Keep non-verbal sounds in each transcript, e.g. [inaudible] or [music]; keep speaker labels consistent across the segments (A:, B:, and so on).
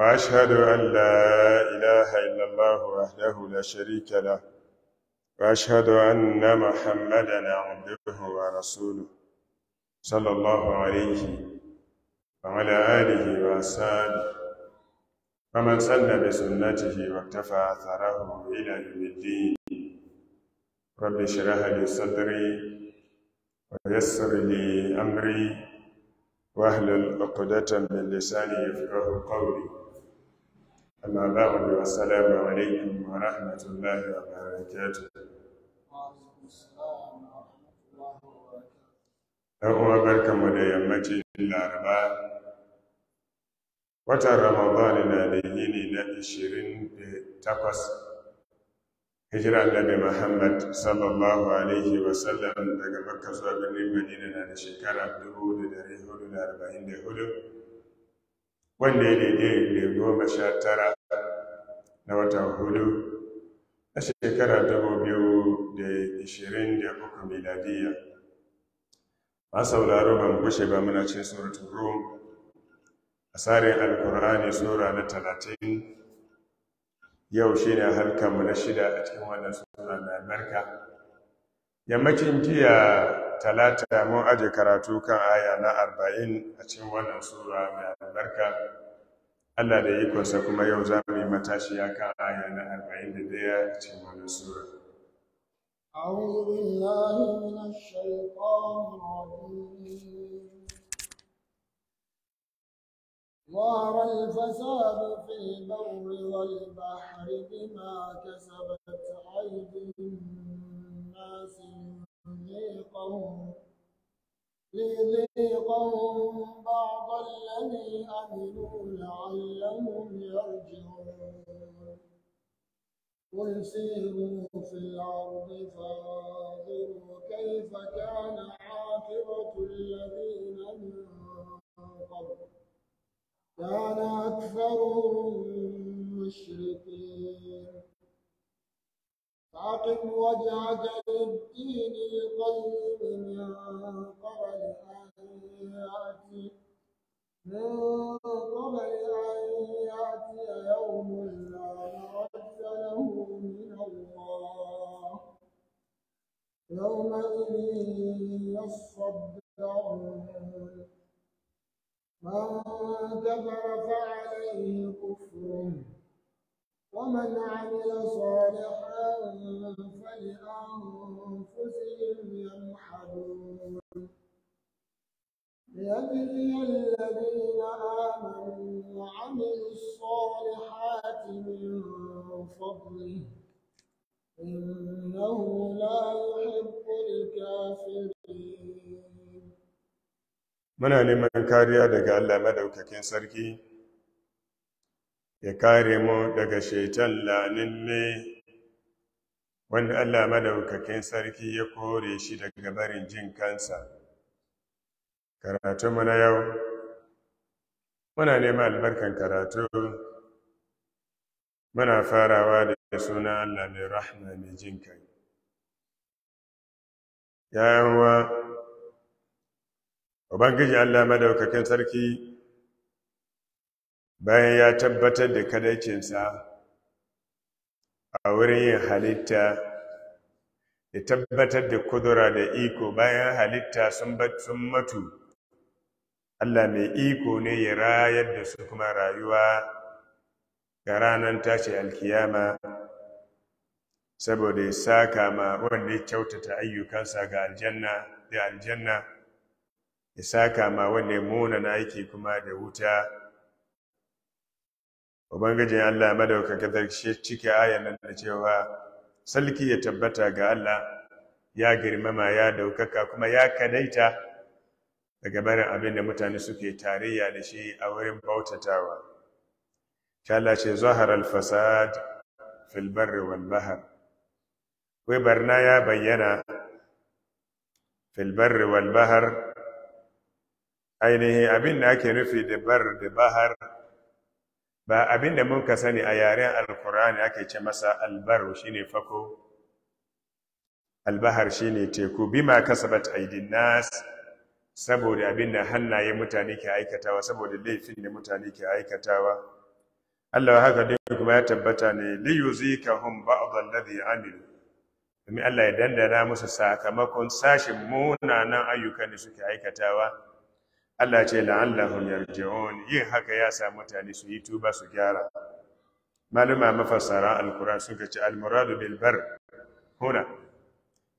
A: وأشهد أن لا إله إلا الله وحده لا شريك له وأشهد أن محمدا عبده ورسوله صلى الله عليه وعلى آله وصحبه ومن سن بسنته واكتفى أثره إلى يوم الدين رب اشرح لي صدري ويسر لي أمري واهلل عقدة من لساني يفقه قولي أما بعد والسلام عليكم ورحمة الله وبركاته uwa barkanmu da yammacin laraba watan ramadani na da yini na 28 hijira annabi muhammad sallallahu alaihi wasallam daga makka zuwa birnin madina na da shekara 1444 wanda ya daidai da goma sha tara na wata hudu a shekara uku miladiya ba sauraro ban gushe ba muna cin suratun rum a tsarin alkur'ani sura na talatin yau shi ne halkanmu na shida a cikin wannan sura na amurka yammacin jiya talata mun aje karatu kan aya na arba'in a cikin wannan sura mai albarka Allah da ikonsa kuma yau za mu yi matashiya kan aya na 41 cikin wannan sura.
B: أعوذ بالله من الشيطان الرجيم ظهر الفساد في البر والبحر بما كسبت أيدي الناس ليذيقهم
A: ليذيقهم
B: بعض الذي عملوا لعلهم قل سيروا في الأرض فانظروا كيف كان عاقبة الذين من قبل كان أكثرهم مشركين فأقم وجهك للدين القيم من قبل أن يأتي من قبل أن يأتي يوم لا له من الله يومئذ يصدعون من كفر فعليه كفره ومن عمل صالحا فلأنفسهم يمحدون ليجزي الذين آمنوا وعملوا الصالحات من فضله إنه لا يحب الكافرين
A: muna neman kariya daga Allah madaukakin sarki ya kare mu daga shaitan laninne wanda Allah madaukakin sarki ya kore shi daga barin jin kansa karatunmu na yau muna neman albarkan karatu muna farawa da suna Allah mai rahma mai jin kai yawa ubangiji Allah madaukakin sarki bayan ya tabbatar da kadaikinsa, a wurin yin halitta ya tabbatar da kudura da iko bayan halitta sun matu Allah mai iko ne ya rayar da su kuma rayuwa ga ranar tashi alkiyama saboda ya saka ma wanda ya kyautata ayyukansa ga aljanna da aljanna ya saka ma wanda ya na aiki kuma da wuta ubangijin Allah madaukakin shi cike ayan nan da cewa salki ya tabbata ga Allah ya girmama ya daukaka kuma ya kadaita daga barin abin da mutane suke tarayya da shi a wurin bautatawa Allah ce zahar al-fasad fil wal bahr wai barna ya bayyana fil barri wal bahr ainihin abin da ake nufi da bar da bahar ba abin da muka sani a yaren alkur'ani ake ce masa shi shine fako albahar shine teku bima kasabat aidin nas saboda abinda hannaye mutane ke aikatawa saboda laifin da mutane ke aikatawa Allah haka dai kuma ya tabbata ne li yuzikahum ba'd alladhi amilu kuma Allah ya dandana musu sakamakon sashin munanan ayyukan da suke aikatawa Allah ce la'allahum yarji'un yin haka ya sa mutane su yi tuba su gyara malama mafassara alquran suka ce almuradu bil bar huna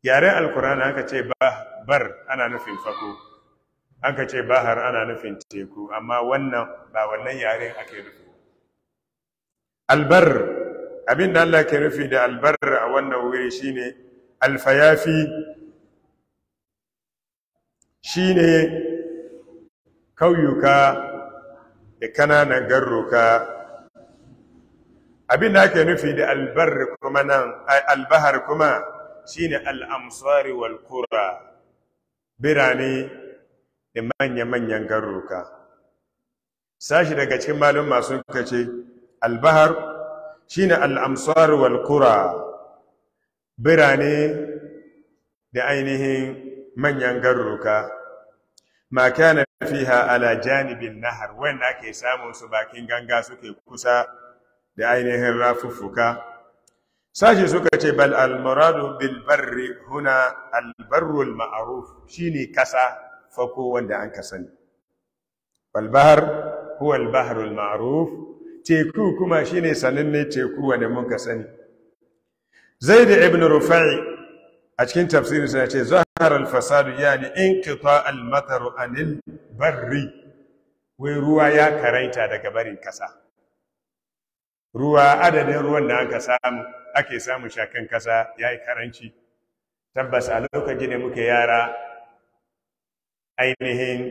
A: yaren alquran aka ce ba bar ana nufin fako aka ce bahar ana nufin teku amma wannan ba wannan yaren ake nufi albar da Allah ke nufi da albar a wannan wuri shine alfayafi shine kauyuka da kananan garruka da ake nufi da albar kuma nan albahar kuma shine al'amsari wal kura birane da manya-manyan garuruka sashi daga cikin malum masu kace albahar shine ne wal kura birane da ainihin manyan garuruka ma kana fiha ala janibin nahar wanda ake samun su bakin ganga suke kusa da ainihin rafuffuka sashi suka ce bal al muradu bil barri huna al barru al ma'ruf shine kasa fako wanda an ka sani balbahar huwal baharul ma'aruf teku kuma shine sanannen teku wanda ka sani Zai da ibn rufa'i a cikin tafsirin suna ce zahara al-fasadu in inqita al-matar anil barri wai ruwa ya karanta daga barin kasa ruwa adadin ruwan da aka samu ake samu shakan kasa ya yi karanci tabbas a lokacin da muke yara ainihin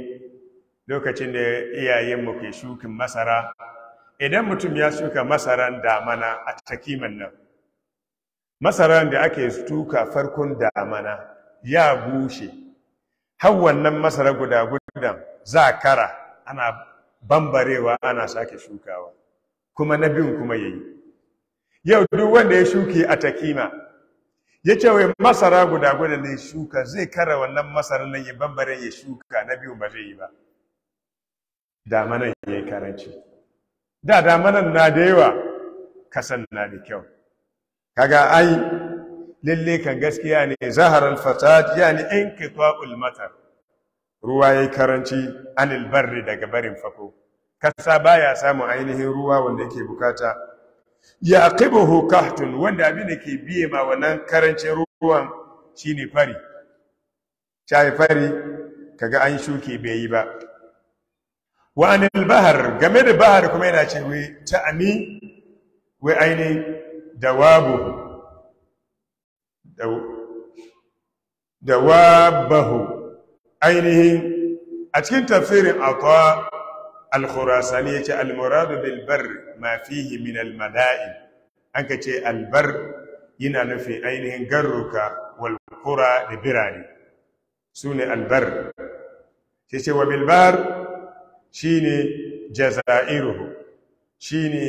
A: lokacin da iyayenmu ke shukin masara idan mutum ya shuka masaran damana a takiman nan masaran da ake tuka farkon damana ya bushe har wannan masara guda gudan za kara ana bambarewa ana sake shukawa kuma na biyun kuma yayi yau duk wanda ya shuki a takima ya ce wai masara guda guda ne shuka zai kara wannan masarar nan ya bambare ya shuka na biyu ba zai yi ba damanan ya yi karanci da damanan na da yawa kasan na da kyau kaga ai lalle kan gaskiya ne zaharar fasad yani in kitwa'ul matar ruwa ya yi karanci anil barri daga barin fako kasa ba ya samun ainihin ruwa wanda yake bukata ya qibahu kahtun wanda abin da ke biye ma wannan karancin ruwan shine fari shayi fari kaga an shuke bai yi ba wa anil bahar game da bahar kuma yana ce wai ta'ani wai aini dawabu dawabahu ainihin a cikin tafsirin akwai. al-khurasani yace al-muradu bil bar ma fihi min al-madain anka ce al-bar yana nufi ainihin garruka wal qura da birane sune al-bar wa bil bar shine jazairuhu shine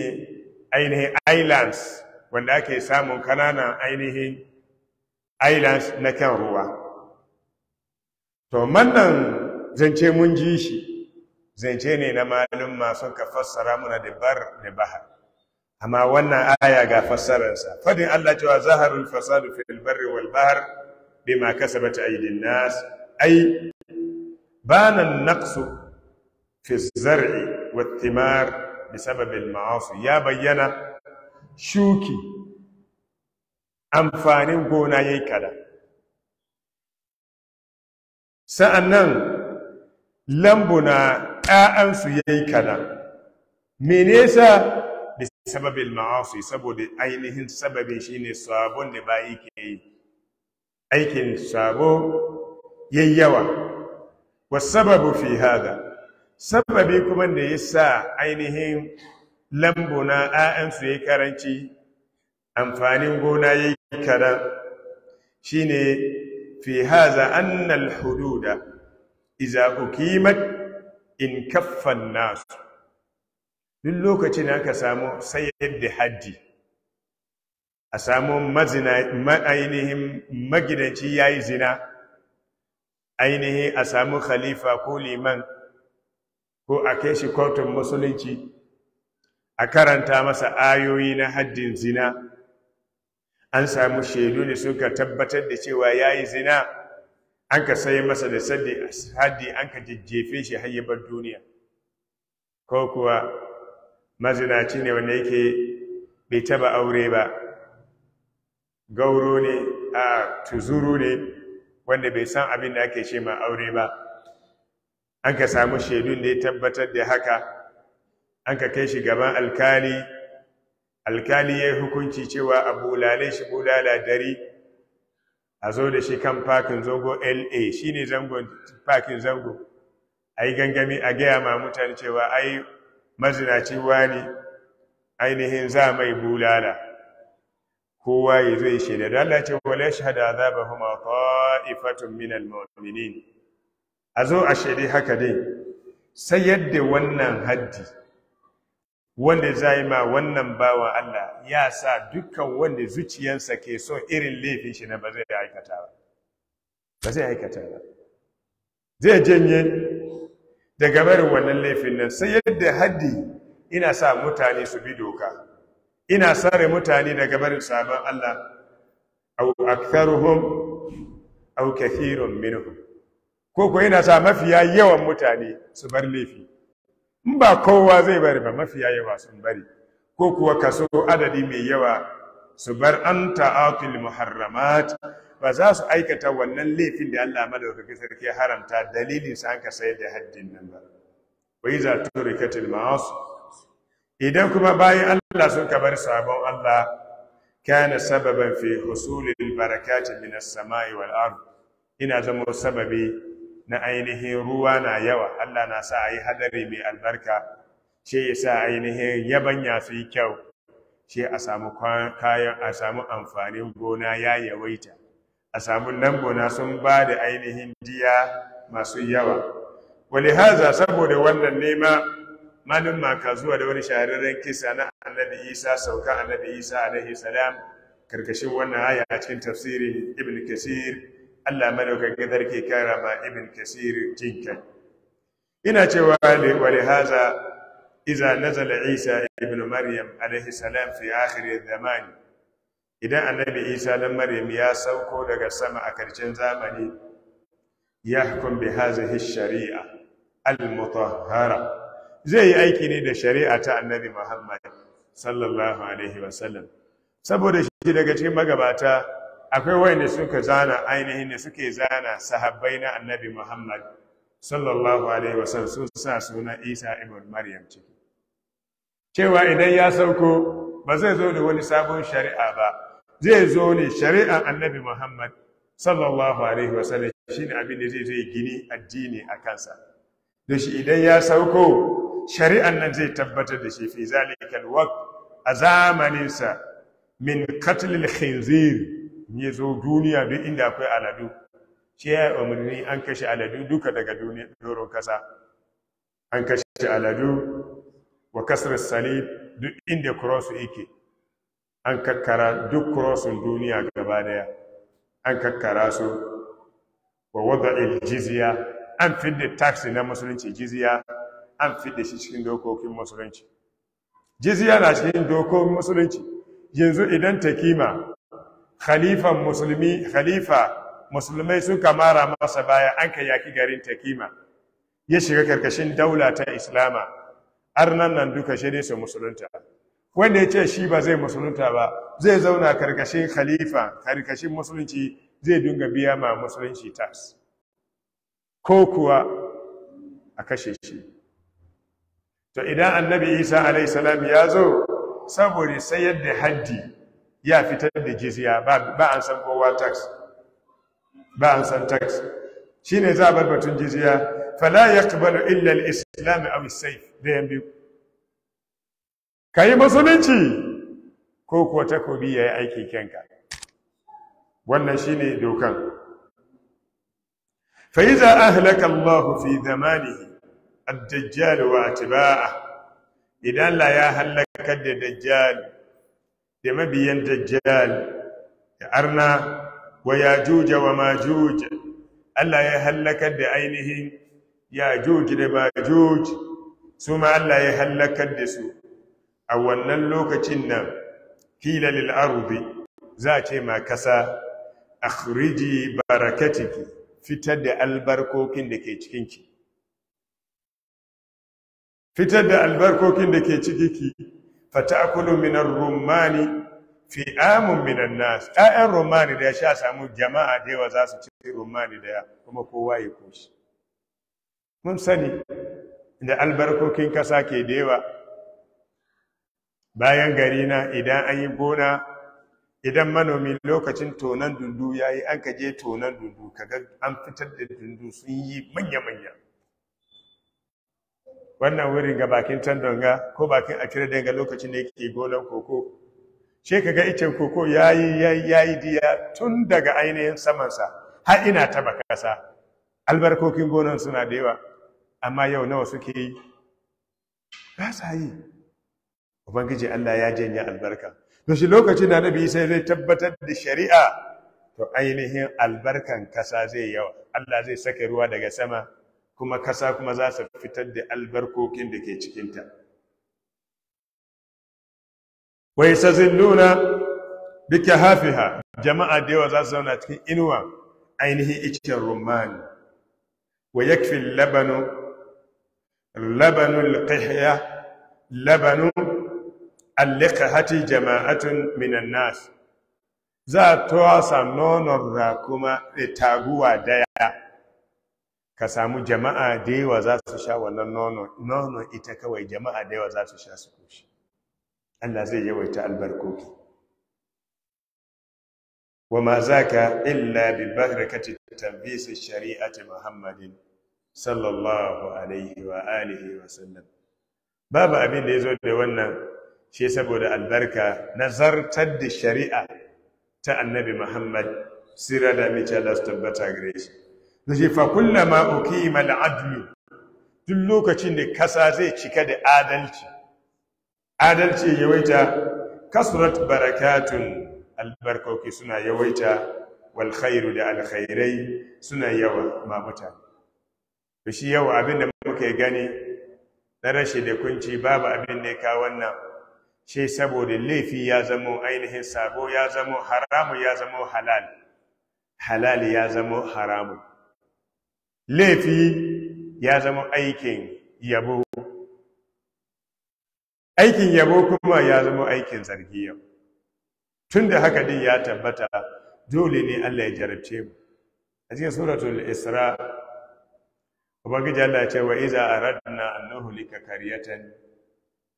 A: ainihin islands wanda ake samun kananan ainihin islands na kan ruwa to mannan zance mun ji shi zance ne na malum masu ka fassara muna da bar da bahar amma wannan aya ga fassararsa fadin Allah cewa zaharul fasadu fil barri wal bahr bima kasabat aydin nas ay bana an fi az-zar'i wat-thimar bisabab al-ma'asi ya bayyana shuki amfanin gona yayi kada sa'annan lambuna ɗa'ansu ya yi kada
B: mene yasa
A: da sababin ma'asu saboda ainihin sababin shi ne sabon da bayi ke yi aikin sabo ya yawa, sababu fi hada sababi kuma da ya sa ainihin lambu na ‘ya'yansu ya karanci amfanin gona ya yi kada shi ne fi haza annal hududa iza ukimat in kaffan nasu duk lokacin aka samu sayar da haddi a samu ainihin magidanci ya yi zina ainihin a samu khalifa ko liman ko a kai shi kotun musulunci a karanta masa ayoyi na haddin zina an samu shaidu ne suka tabbatar da cewa ya yi zina an ka sai masa da sadi haddi an ka jajjefe shi hayyabar duniya ko kuwa mazinaci ne wanda yake bai taba aure ba gauro ne a tuzuru ne wanda bai san abin da ake ce ma aure ba an ka samu shaidun da ya tabbatar da haka an ka kai shi gaban alkali alkali ya hukunci cewa abu lalai shi bulala dari a zo da shi kan fakin zango la shi ne zangon fakin zango a yi gangami a gaya ma mutane cewa a yi mazinaci wani ainihin za mai bulala kowa ya zai shaida da Allah ce wale shahada ba kuma ta'ifatun minal almu'minin a zo a shaidi haka dai sai yadda wannan haddi wanda zai ma wannan bawan Allah ya sa dukkan wanda zuciyarsa ke so irin laifin shi na ba zai aikata ba ba zai aikata ba zai janye daga barin wannan laifin nan sai yadda haddi ina sa mutane su bi doka ina sare mutane da barin sabon Allah au aktharuhum au kathirun minhum ko ko ina sa mafiya yawan mutane su bar laifi in ba kowa zai bari ba mafiya yawa sun bari ko kuwa kaso adadi mai yawa su bar an ta'atul muharramat ba za su aikata wannan laifin da Allah madaukakin sarki ya haramta dalilin sa ka sayar da haddin nan ba wai za turikatul ma'as idan kuma bayan Allah sun bar sabon Allah kana sababan fi husulil barakati minas samai wal ard ina zama sababi na ainihin ruwa na yawa Allah na sa a yi hadari mai albarka shi ya sa ainihin yabanya su yi kyau shi a samu kayan a samu amfanin gona ya yawaita a samu nan gona sun ba da ainihin diya masu yawa wani haza saboda wannan nema malin maka zuwa da wani shahararren kisa na annabi isa sauka annabi isa alaihi salam karkashin wannan haya a cikin tafsirin ibn kasir Allah madaukakin ke kara ma ibn kasir tinka
B: ina cewa wa haza iza nazala isa
A: ibn maryam alaihi salam fi akhir zaman idan annabi isa dan maryam ya sauko daga sama a karshen zamani yahkum bi hadhihi shari'a al-mutahhara zai yi aiki ne da shari'a ta annabi muhammad sallallahu alaihi wasallam saboda shi daga cikin magabata akwai wanda suka zana ainihin da suke zana sahabbai na annabi muhammad sallallahu alaihi wasallam sun sa suna isa ibn maryam ciki cewa idan ya sauko ba zai zo da wani sabon shari'a ba zai zo ne shari'a annabi muhammad sallallahu alaihi wasallam shi ne abin da zai zai gini addini a kansa da shi idan ya sauko shari'an nan zai tabbatar da shi fi zalikal waqt a zamaninsa min qatlil khinzir ya zo duniya duk inda akwai aladu shi ya yi umarni an kashe aladu duka daga doron kasa an kashe aladu wa kasar salib duk inda kurosu ike an kakkara duk kurosun duniya gaba daya an kakkara su wa wadda jizya an fidda taxi na musulunci jizya an fidda shi cikin dokokin musulunci jizya na cikin dokokin musulunci yanzu idan ta kima khalifan musulmi khalifa musulmai suka mara masa baya an ka yaki garin takima ya shiga karkashin daula ta islama arnan nan duka shi ne su musulunta wanda ya ce shi ba zai musulunta ba zai zauna karkashin khalifa karkashin musulunci zai dinga biya ma musulunci tas ko kuwa a kashe shi to idan annabi isa Salam ya zo saboda sayar da haddi ya fitar da jiziya, ba an san kowa tax ba an san tax ne za a bar batun jiziya. fala yaqbalu illa al-islam aw as-sayf da Ka yi musulunci ko kuwa takobi yi aiki kyanka wannan shi ne dokan fa a ahlaka Allah fi zamanihi ad-dajjal wa ba'a. idan la ya halaka da dajjal da mabiyan dajjal da arna wa ya juja, wa ma juja?" Allah ya halakar da ainihin juji da juji su ma Allah ya hallakar da su a wannan lokacin nan kila lil za ce ma kasa akhriji barakatiki fitar da albarkokin da ke cikinki fitar da albarkokin da ke cikinki fata'kulu ar rumani fi amun an nas rumani da ya sha samu jama'a da yawa za su ci rumani da kuma kowa ya koshi mun sani da albarkokin kasa ke da yawa bayan gari na idan an yi gona idan manomi lokacin tonan dundu yayi yi an kaje je tonan dundu kaga an fitar da dundu sun yi manya-manya wannan wurin ga bakin tandonga ko bakin akira ga lokacin da yake gonan koko she ga icen koko yayi yayi diya tun daga ainihin samansa har ina taba kasa albarkokin gonan suna da yawa amma yau nawa suke yi ba sa yi ubangiji Allah ya janya albarka to shi lokacin da nabi sai zai tabbatar da shari'a to ainihin albarkan kasa zai yawa Allah zai sake ruwa daga sama kuma kasa kuma za su fitar da albarkokin da ke cikinta wai sazin nuna duka hafiha jama'a da yawa za su zauna cikin inuwa ainihin iccen rumani wa yakfi labanu labanul qihya labanu al jama'atun minan nas za a wasa nonon rakuma da taguwa daya ka samu jama'a da yawa za su sha wannan nono nono ita kawai jama'a da yawa za su sha su kushi. Allah zai yawaita albarkoki wa ma zaka illa bi barakati shari'a shari'ati muhammadin sallallahu alaihi wa alihi wa sallam babu abin da yazo da wannan shi saboda albarka na zartar da shari'a ta annabi muhammad sirada mi ta lasta gare shi da ce fa kullama ma al-adlu duk lokacin da kasa zai cika da adalci adalci yawaita kasurat barakatun albarkoki suna yawaita wal khairu da alkhairai suna yawa ma mutane to shi yawa abinda muke gani na rashi da kunci babu abin da ya kawo wannan shi saboda laifi ya zamo ainihin sabo ya zamo haramu ya zamo halal halal ya zamo haramun. laifi ya zama aikin yabo aikin yabo kuma ya zama aikin zargi yau tun haka din ya tabbata dole ne Allah ya jarabce mu a cikin suratul isra ubangiji Allah ya ce wa iza aradna an nuhlika qaryatan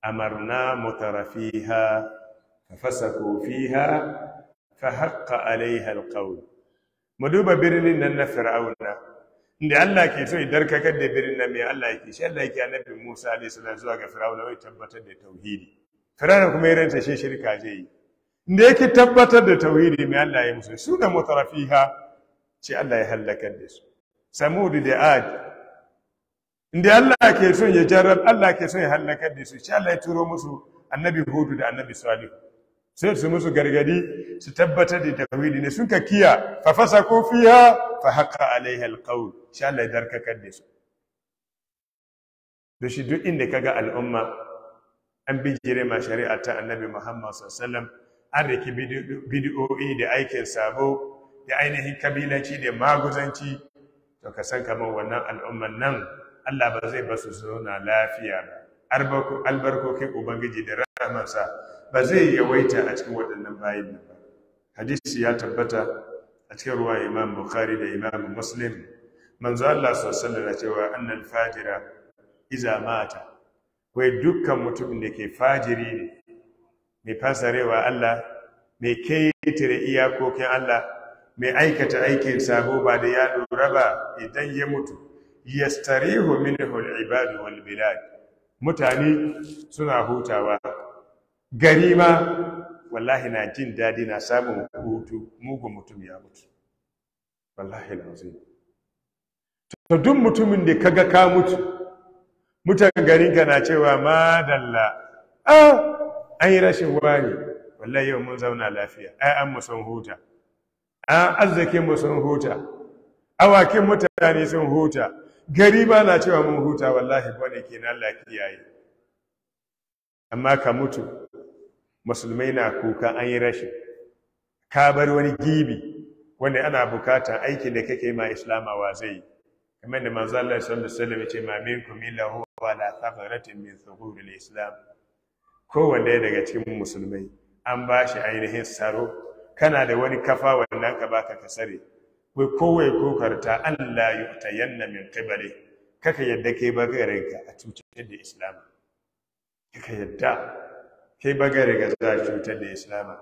A: amarna mutarafiha fafasaku fiha fahaqqa alaiha alqawl mu duba birnin nan na fir'auna da Allah ke so idan ka kadda birnin nan mai Allah yake shi Allah yake annabi Musa alayhi salam zuwa ga Fir'auna wai tabbatar da tauhidi Fir'auna kuma ya ranta shi shirka je yi inda yake tabbatar da tauhidi mai Allah ya musu su da mutarafiha ce Allah ya halakar da su Samud da Ad inda Allah ke so ya jarrab Allah ke so ya halakar da su shi Allah ya turo musu annabi Hud da annabi Salih sai su musu gargadi su tabbatar da tawhidi ne sun kakiya fa fasaku fiha fa haqa alaiha alqawl insha Allah ka kadde su da shi duk inda kaga al'umma an bijire ma shari'a ta annabi Muhammad sallallahu alaihi wasallam an riki bid'o'i da aikin sabo da ainihin kabilanci da maguzanci to ka san kamar wannan al'umman nan Allah ba zai basu zauna lafiya ba albarkokin ubangiji da rahamansa ba zai yawaita a cikin waɗannan bayin nan ba hadisi ya tabbata a cikin ruwa imam bukhari da imam muslim manzo Allah sallallahu alaihi cewa annan fajira iza mata wai dukkan mutumin da ke fajiri ne mai fasarewa Allah mai ketare iyakokin Allah mai aikata aikin sabo ba da ya lura ba idan ya mutu yastarihu minhu al-ibad wal bilad mutane suna hutawa
B: gari ma
A: wallahi na jin daɗi na samun hutu mugun mutum ya mutu wallahi lazim to duk mutumin da kaga ka mutu mutan Garinka ka na cewa ma ah an yi rashin wani wallahi yau mun zauna lafiya ai an mu huta an arzikin mu sun huta awakin mutane sun huta gari ma na cewa mun huta wallahi bane kenan lafiya yi amma ka mutu musulmai na kuka an yi rashin ka bar wani gibi wanda ana bukatar aikin da kake ma islamawa zai yi kamar da manzo Allah sallallahu alaihi wasallam ya ce ma minkum illa huwa ala thaqaratin min suhuril islam kowanne daga cikin musulmai an ba shi ainihin saro kana da wani kafa wannan ka baka ka sare kowa kowai kokarta Allah ya tayanna min qibali kaka yadda kai bagarenka a cutar da islam kaka yadda kai bagare ga za cutar da islama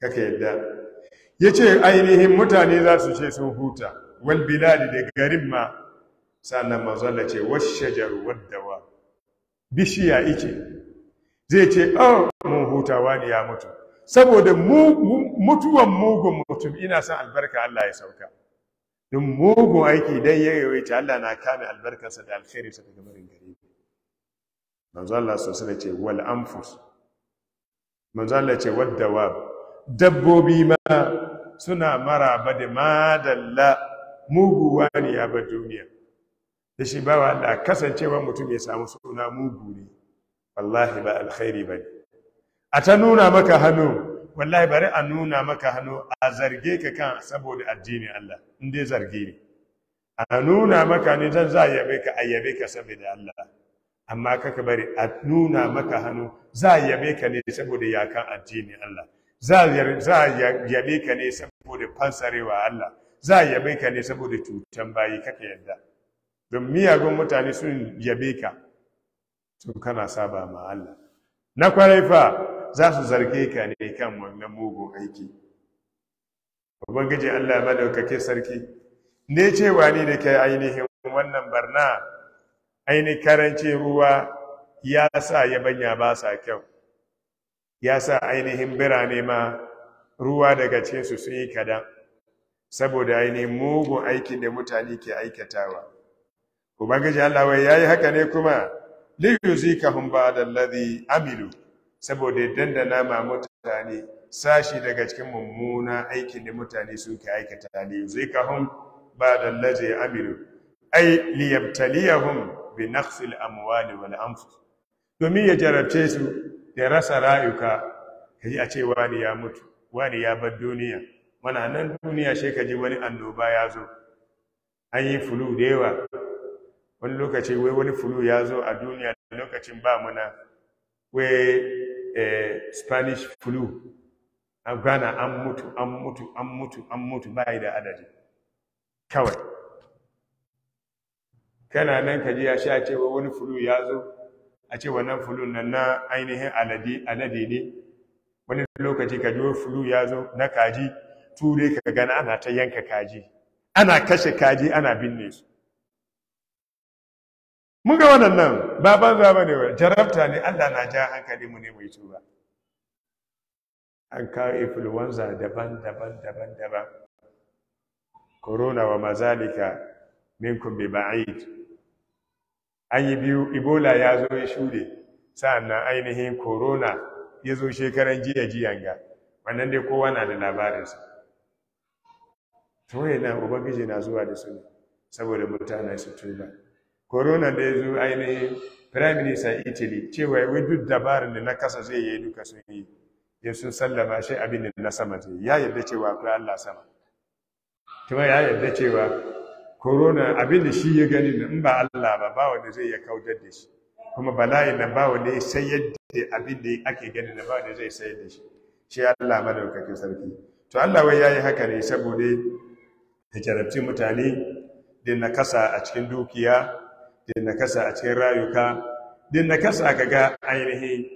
A: kaka yadda ya ce ainihin mutane za su ce sun huta wal biladi da garin ma sannan mazalla ce washe jaruwar bishiya ike zai ce oh mun hutawa ne ya mutu saboda mutuwan mugun mutum ina son albarka Allah ya sauka don mugun aiki dan ya yawaita Allah na kame albarkarsa da alkhairinsa daga barin gare manzo Allah sosai ce wal anfus manzala ce wadda wa dabbobi ma suna maraba da madalla muguwa ne ya bar duniya da shi ba wa da kasancewa mutum ya samu suna mugu ne wallahi ba alkhairi ba ne a ta nuna maka hannu wallahi bari a nuna maka hannu a zarge ka kan saboda addinin Allah inda zarge ne a nuna maka ne zan za a yabe ka a yabe ka saboda Allah amma kaka bari a nuna maka hannu za a yabe ka ne saboda yakan addini Allah za a yabe ka ne saboda fansarewa Allah za a yabe ka ne saboda cutan bayi kaka yadda don miyagun mutane sun yabe ka to kana saba ma Allah na kwarai fa za su zarge ka ne kan wannan mugun aiki ubangiji Allah madaukake sarki ne cewa ni da kai ainihin wannan barna aini karancin ruwa ya sa yabanya ba sa kyau ya sa ainihin birane ma ruwa daga cinsu sun yi kadan saboda ainihin mugun aikin da mutane ke aikatawa ubangiji Allah ya yi haka ne kuma liyuzikahum ladi amilu saboda dandana ma mutane sashi daga cikin mummuna aikin da mutane suke aikata liyuzikahum ba'dallazi amilu ay liyabtaliyahum bi naqsil amwali wal anfus domin ya jarabce su da rasa rayuka kaji a ce wani ya mutu wani ya bar duniya mana nan duniya she kaji wani annoba ya zo an yi fulu da yawa wani lokaci wai wani fulu ya zo a duniya lokacin ba muna wai eh, spanish fulu a gana an mutu an mutu an mutu an mutu ba da adadi kawai kana nan ka ji a sha cewa wani fulu ya zo a ce nan fulun nan na ainihin alade ne wani lokaci ka ji wani fulu ya zo na kaji ture ka gana ana ta yanka kaji ana kashe kaji ana binne su mun ga wannan nan ba banza ba ne jarabta ne allah na ja hankali mu ne mai tura an kawo influenza daban-daban daban-daban corona wa mazalika minkum bi ba'id an yi biyu ebola ya zo ya shude sannan ainihin corona ya zo shekaran jiya jiyan ga wannan dai kowa na da labarinsa to yana ubangiji na zuwa da su saboda mutane su tuba corona da ya zo ainihin prime minister italy cewa wai duk dabarin da na kasa zai yi duka sun yi ya sun sallama shi abin da na sama zai ya yarda cewa akwai allah sama kuma ya yarda cewa Korona, abinda shi ya gani in ba Allah ba ba wanda zai ya kautar da shi
B: kuma bala'i na ba wanda
A: ya yadda da abinda ake gani na ba wanda zai sayar da shi shi Allah madaukakin sarki to Allah wai ya yi haka ne saboda ya jarabci mutane da nakasa a cikin dukiya da nakasa a cikin rayuka da nakasa kaga ainihi,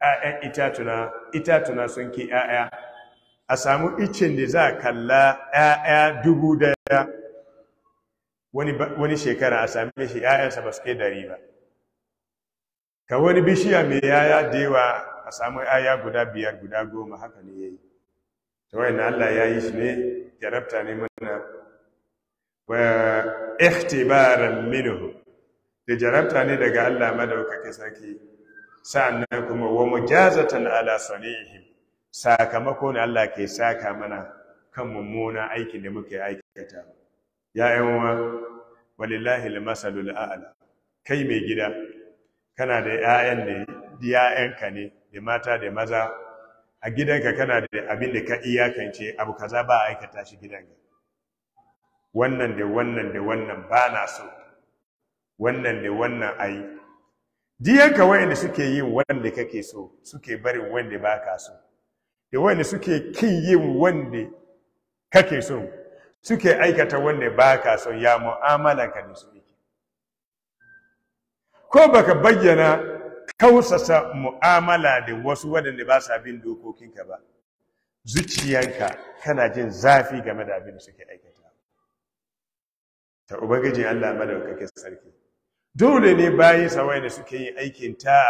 A: ƴaƴan itatuna itatuna sun ki ƴaƴa a samu icin da za kalla ƴaƴa dubu daya wani shekara a same shi ‘ya'yansa ba su kai dari ba ka wani bishiya mai yaya da yawa a samu ‘ya'ya guda biyar guda goma haka ne ya yi ta wai na Allah ya yi shi ne ya rabta ne mana wa ikhtibaran minhu da jarabta ne daga Allah madaukakin sarki Sa'an kuma wa mu jazatan ala sanihim sakamako na Allah ke saka mana kan mummuna aikin da muke aikata ya yanwa walillahi almasalul a'la kai mai gida kana da 'ya'yan ne ya'yanka ne da mata da maza a gidanka kana da abin da ka iyakance abu kaza ba a aikata shi gidanka wannan da wannan da wannan ba na so wannan da wannan ai diyanka wayanda suke yin wanda kake so suke barin wanda baka so da wayanda suke kin yin wanda kake so suke aikata wanda ba ka son ya mu'amalanka da su yake ko baka bayyana kausasa mu'amala da wasu waɗanda ba sa bin dokokinka ba zuciyanka kana jin zafi game da abin da suke aikata ta ubangiji Allah madaukakin sarki dole ne bayi sawai da suke yi aikin ta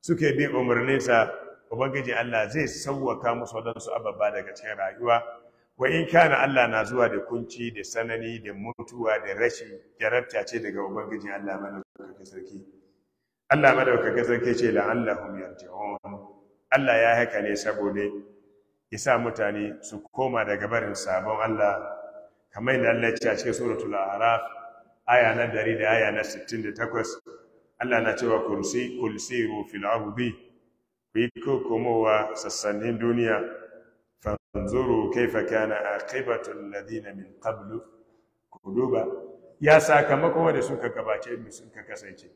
A: suke bin umarninsa ubangiji Allah zai sauwaka musu wadansu ababa daga cikin rayuwa wa in kana Allah na zuwa da kunci da sanani da mutuwa da rashi jarabta ce daga ubangiji Allah madaukakin sarki Allah madaukakin sarki ce allahum yarji'un Allah ya haka ne saboda ya sa mutane su koma daga barin sabon Allah kamar da Allah ya ce suratul a'raf aya na 100 da aya na 68 Allah na cewa kursi kulsiru fil ardi ku yi kokomowa sassanin duniya fanzuru kaifa kana aqibatu alladhina min qablu kuduba ya sakamako da suka gabace mu suka kasance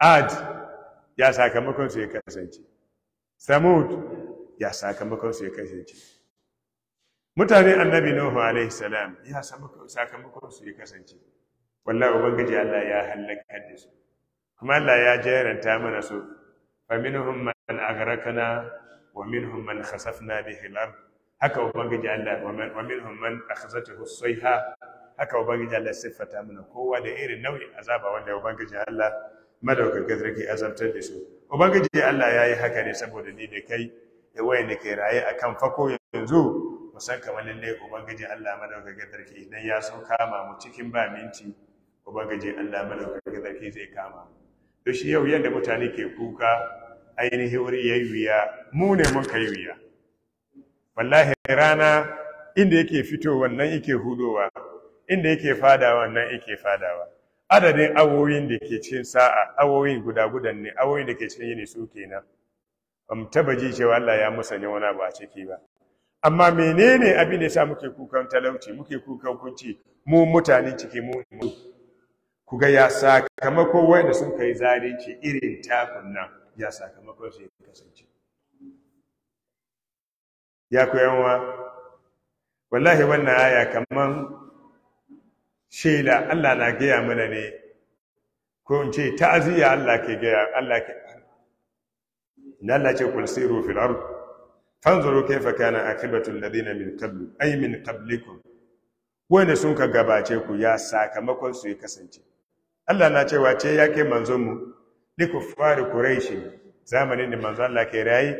A: ad ya sakamakon su ya kasance samud ya sakamakon su ya kasance mutane annabi nuhu alaihi salam ya sakamakon su ya kasance wallahi ubangiji Allah ya halaka da su kuma Allah ya jeranta mana su fa man agrakana wa minhum man khasafna bihi al haka ubangiji Allah wa minhum man akhazatuhu as-sayha haka ubangiji Allah siffata mana kowa da irin nau'in azaba wanda ubangiji Allah madaukakin sarki azabtar da su ubangiji Allah yayi haka ne saboda ni da kai da wayanda ke raye akan fako yanzu musan kamar lalle ubangiji Allah madaukakin sarki idan ya so kama mu cikin ba minti ubangiji Allah madaukakin sarki zai kama mu to shi yau yanda mutane ke kuka ainihi wuri ya yi wuya. mu ne ka yi wuya. wallahi rana inda yake fito wannan yake hudowa inda yake fada wannan yake fadawa adadin awoyin da ke cikin sa'a awoyin guda gudan ne awoyin da ke cikin yini su kenan Bamu taba ji cewa Allah ya musanya wani ba a ciki ba amma menene abin da yasa muke kukan talauci muke kukan kunci mu mutanen ciki mu ku ga ya sakamako wanda sun kai zalunci irin takun nan ya sakamakon su ya kasance ya wallahi wannan aya kamar shela Allah na gaya mana ne ko in ce ta'aziyya Allah ke gaya Allah ke na Allah ce kul siru fil ard fanzuru kayfa kana akibatu alladhina min qablu ay min qablikum wanda sun ka gabace ku ya sakamakon su ya kasance Allah na cewa ce yake manzon mu likufari kureishi zamanin da manzo Allah ke rayi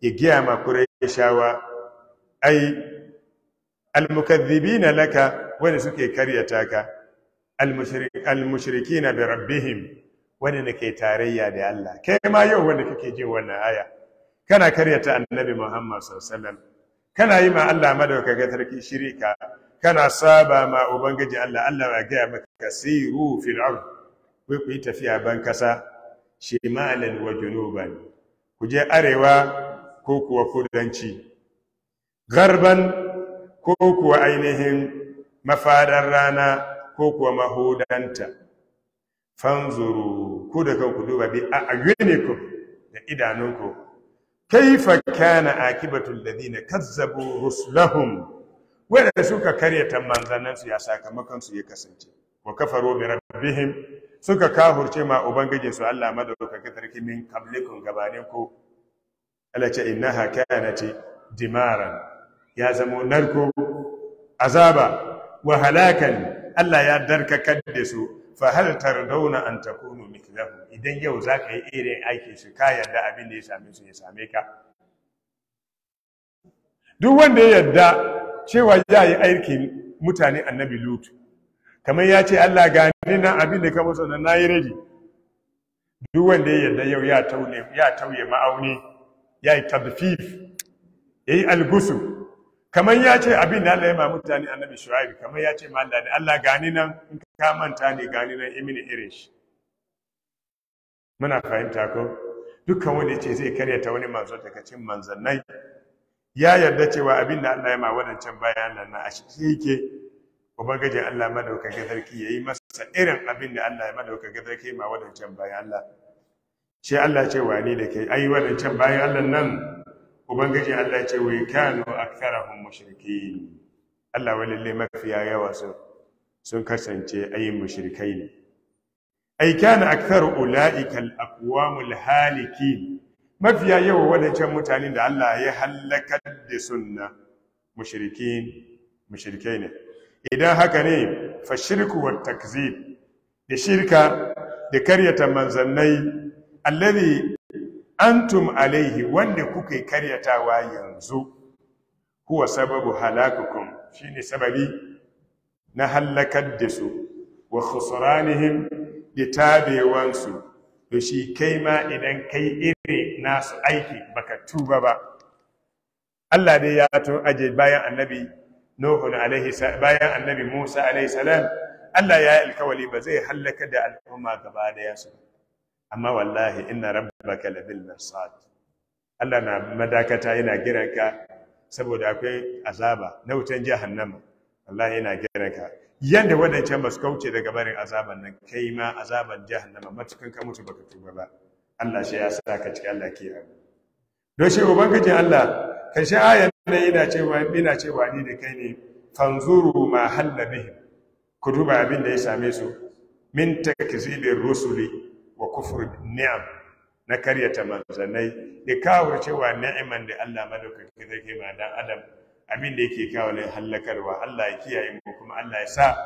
A: ya giya ma kureishawa ai almukaththibina laka wanda suke karyata ka almushrikina bi rabbihim wanda ke tarayya da Allah kai ma yau wanda kake jin wannan aya kana karyata annabi Muhammad sallallahu kana yi ma Allah ga sarki shirika kana saba ma ubangiji Allah Allah ya ga maka kasiru fil ard ku yi tafiya ban kasa shimalan wa junuban ku je arewa ko kuwa kudanci garban ko kuwa ainihin mafadar rana ko kuwa mahudanta fanzuru ku da kanku duba bi a ku da idanunku kaifa kana akibatul ladina kazzabu rusulahum wanda suka karyata manzanansu ya sakamakon su ya kasance wa kafaru bi rabbihim suka kahurce ma Ubangiji su Allah madaukakin sarki min qablikum gabanin ku Allah ce innaha kanati dimaran ya zamo narko azaba wa halakan Allah ya darkakar da su fa hal tardawna an takunu mithlahu idan yau zaka yi irin aiki shi ka yarda abin da ya same su ya same ka duk wanda ya yarda cewa ya yi aikin mutane annabi lutu kamar ya ce Allah gane ni nan abin da ka musu nan nayi ready duk wanda ya yarda yau ya taune ya tauye ma'auni ya yi tadfif ya yi algusu kamar ya ce abin da Allah ya ma mutane annabi shu'aibi kamar ya ce ma Allah ne Allah gani nan in ka manta ne gani nan imini irin shi muna fahimta ko dukkan wanda ce zai ta wani manzo daga cikin manzannai ya yarda cewa abin da Allah ya ma wadancan bayan nan a shi yake ubangijin Allah madaukakin sarki yayi masa irin abin da Allah ya madauka gada ke ma wadancan bayan Allah shi Allah ce wani da ke ai wadancan bayan Allah nan ubangiji Allah ce wai kanu aktharahum mashirki Allah walalle mafiya yawa sun kasance ayin mashirkai ne ai kana aktharu ulaika al-aqwamul haliki mafiya yawa wadancan mutane da Allah ya hallakar da sunna mashirki ne idan haka ne fa shirku wa takzib da shirka da karyata manzannai allazi antum alaihi wanda kuke karyatawa yanzu huwa sababu halakukum shine sababi na halakar da su wa khusranihim da tabewansu to shi kai ma idan kai iri nasu aiki baka tuba ba Allah dai ya tun aje bayan annabi nuhun alaihi bayan annabi musa alaihi salam Allah ya yi alkawali ba zai hallaka da al'umma gaba daya su amma wallahi inna rabbaka labil mirsad Allah na madakata yana giranka saboda akwai azaba na wutan jahannama wallahi yana giranka yanda wadancan ba su kauce daga barin azaban nan kai ma azaban jahannama matukan ka mutu baka tuba ba Allah shi ya sa ka cikin Allah ke yi don shi ubangijin Allah karshen ayan ne yana cewa yana cewa ni da kai ne fanzuru ma halla bihim ku duba abin da ya same su min takzibir rusuli wa kufur ni'am na karyata manzanai da kawo cewa ni'iman da Allah madaukaki zai ma dan adam abin da yake kawo ne halakarwa Allah ya kiyaye mu kuma Allah ya sa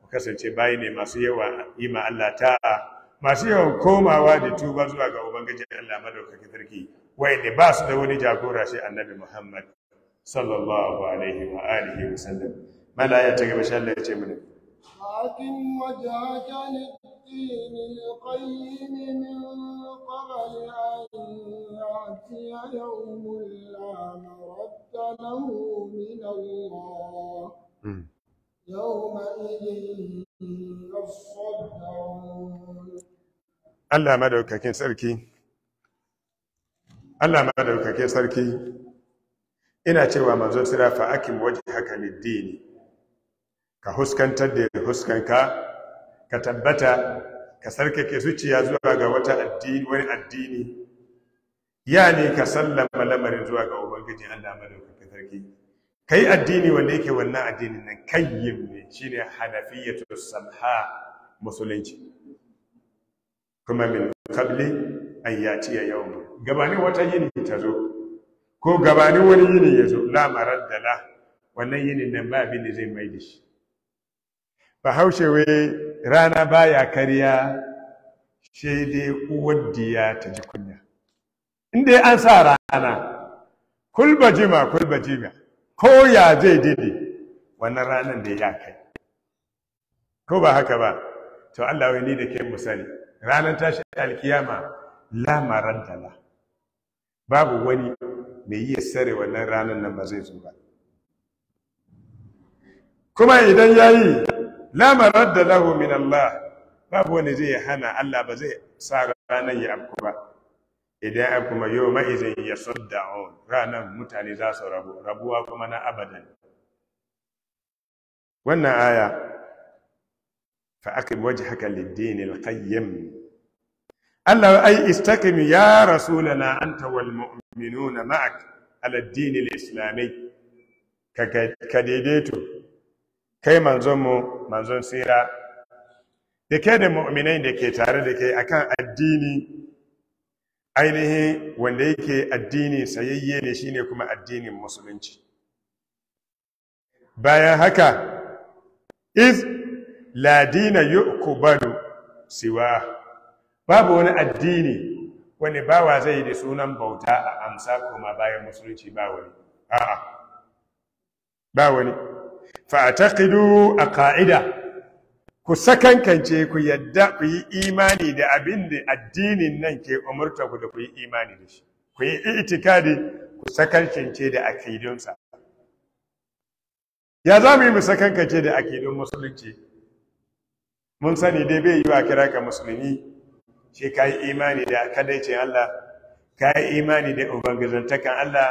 A: mu kasance bayi ne masu yawa yi ma Allah ta'a masu yawan komawa da tuba zuwa ga ubangiji Allah madaukakin sarki ne ba su da wani jagora sai annabi Muhammad sallallahu alaihi wa alihi wa sallam mala ya tage sha Allah ya ce mana
B: hakim wajhaka din min qabli an yati yawmun la maradda min Allah hmm. yawma
A: Allah madaukakin sarki Allah madaukakin sarki ina cewa manzon sira fa akim waje haka lidini ka huskantar da huskanka ka tabbata ka sarkake zuciya zuwa ga wata addini wani addini
B: yani ka sallama lamarin
A: zuwa ga ubangiji Allah madaukakin sarki kai addini wanda yake wannan addinin nan kayyim ne shine hanafiyatu samha musulunci kuma min qabli an yatiya yawm gabanin wata yini ta zo ko gabanin wani yini ya zo lamarar da la wannan yinin nan ba abin da zai mai da shi bahaushe wai rana baya karya sai dai uwar diya ta ji kunya in dai an sa rana kulba jima kulba jima ko ya zai dide wannan ranar da ya kai ko ba haka ba to Allah wai ni da ke misali ranar tashi alkiyama lamarar da la babu wani mai yi sare wannan ranar nan ba zai zo ba kuma idan yayi la da lahu min Allah babu wani zai hana Allah ba zai sa ranar ya afku ba
B: idan an kuma yau ma'izin ya
A: sadda'un ranar mutane za su rabu rabuwa kuma na abadan wannan aya fa aka wajhaka lid-din al-qayyim Allah ai istakimi ya rasulana anta wal mu'minuna ma'ak ala din islami ka daidaito kai manzon mu manzon sira da ke da mu'minai da ke tare da kai akan addini ainihin wanda yake addini sayayye ne shine kuma addinin musulunci bayan haka iz la dina yuqbalu siwa babu wani addini wani bawa zai yi da sunan bauta a amsa kuma bayan musulunci ba wani a'a ba wani Fa a a ka'ida ku sakankance ku yadda ku yi imani da abin da addinin nan ke umurta ku da ku yi imani da shi ku yi itikadi ku sakankance da akidunsa ya za mu yi mu sakankance da akidun musulunci mun sani dai bai yi wa kira ka musulmi shi ka imani da kadaicin Allah ka imani da ubangizantakan Allah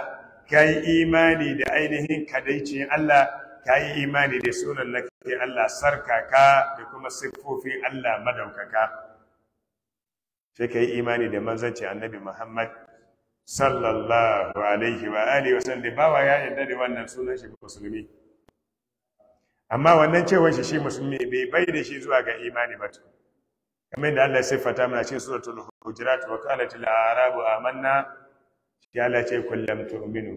A: ka imani da ainihin kadaicin Allah ka imani da sunan na ke Allah sarkaka da kuma siffofin Allah madaukaka sai ka imani da manzanci annabi Muhammad sallallahu alaihi wa alihi wa sallam bawa ya yarda da wannan sunan shi musulmi amma wannan cewa shi shi musulmi bai bai da shi zuwa ga imani ba kamar da Allah ya siffata mana cikin suratul hujurat wa qalat al arabu amanna ya Allah ce kullam tu'minu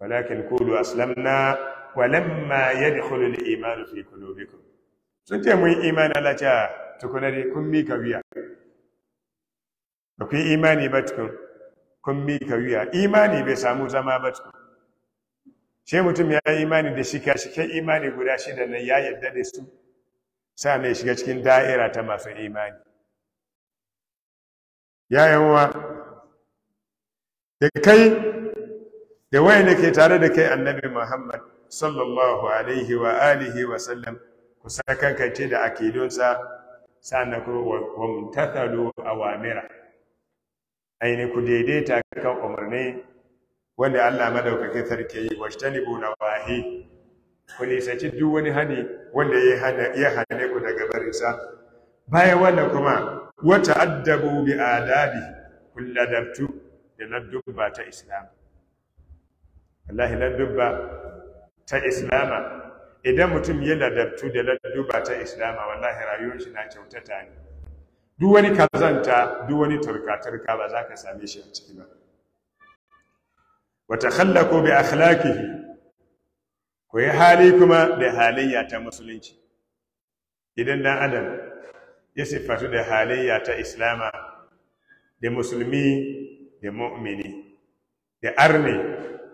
A: walakin qulu aslamna wa lamma yadkhul al iman fi qulubikum
B: sun ce mun iman
A: Allah ce ah, tukuna dai kun mi kawiya ba ku imani ba tukun kun mi kawiya imani bai samu zama ba tukun sai mutum ya yi imani da shi shika kai imani guda shida nan ya yadda da su sa ya shiga cikin da'ira ta masu imani ya yawa da kai da ne ke tare da kai annabi muhammad sallallahu alaihi wa alihi wa sallam ku sakankance da akidunsa sa'an ku wa mumtathalu awamira aini ku daidaita kan umarni wanda Allah madaukake sarki yi na nawahi ku nisanci duk wani hani wanda ya hane ku daga barinsa bayan wannan kuma wata addabu bi adabi kulladabtu da ba ta islam wallahi ba ta islama idan mutum ya ladabtu da ba ta islama wallahi rayuwar shi na kyautata ne duk wani kazanta duk wani turka-turka ba za ka same shi a ciki ba wata khallako bi akhlaqihi ku yi hali kuma da haliyya ta musulunci idan dan adam ya siffatu da haliyya ta islama da musulmi da mu'mini da arne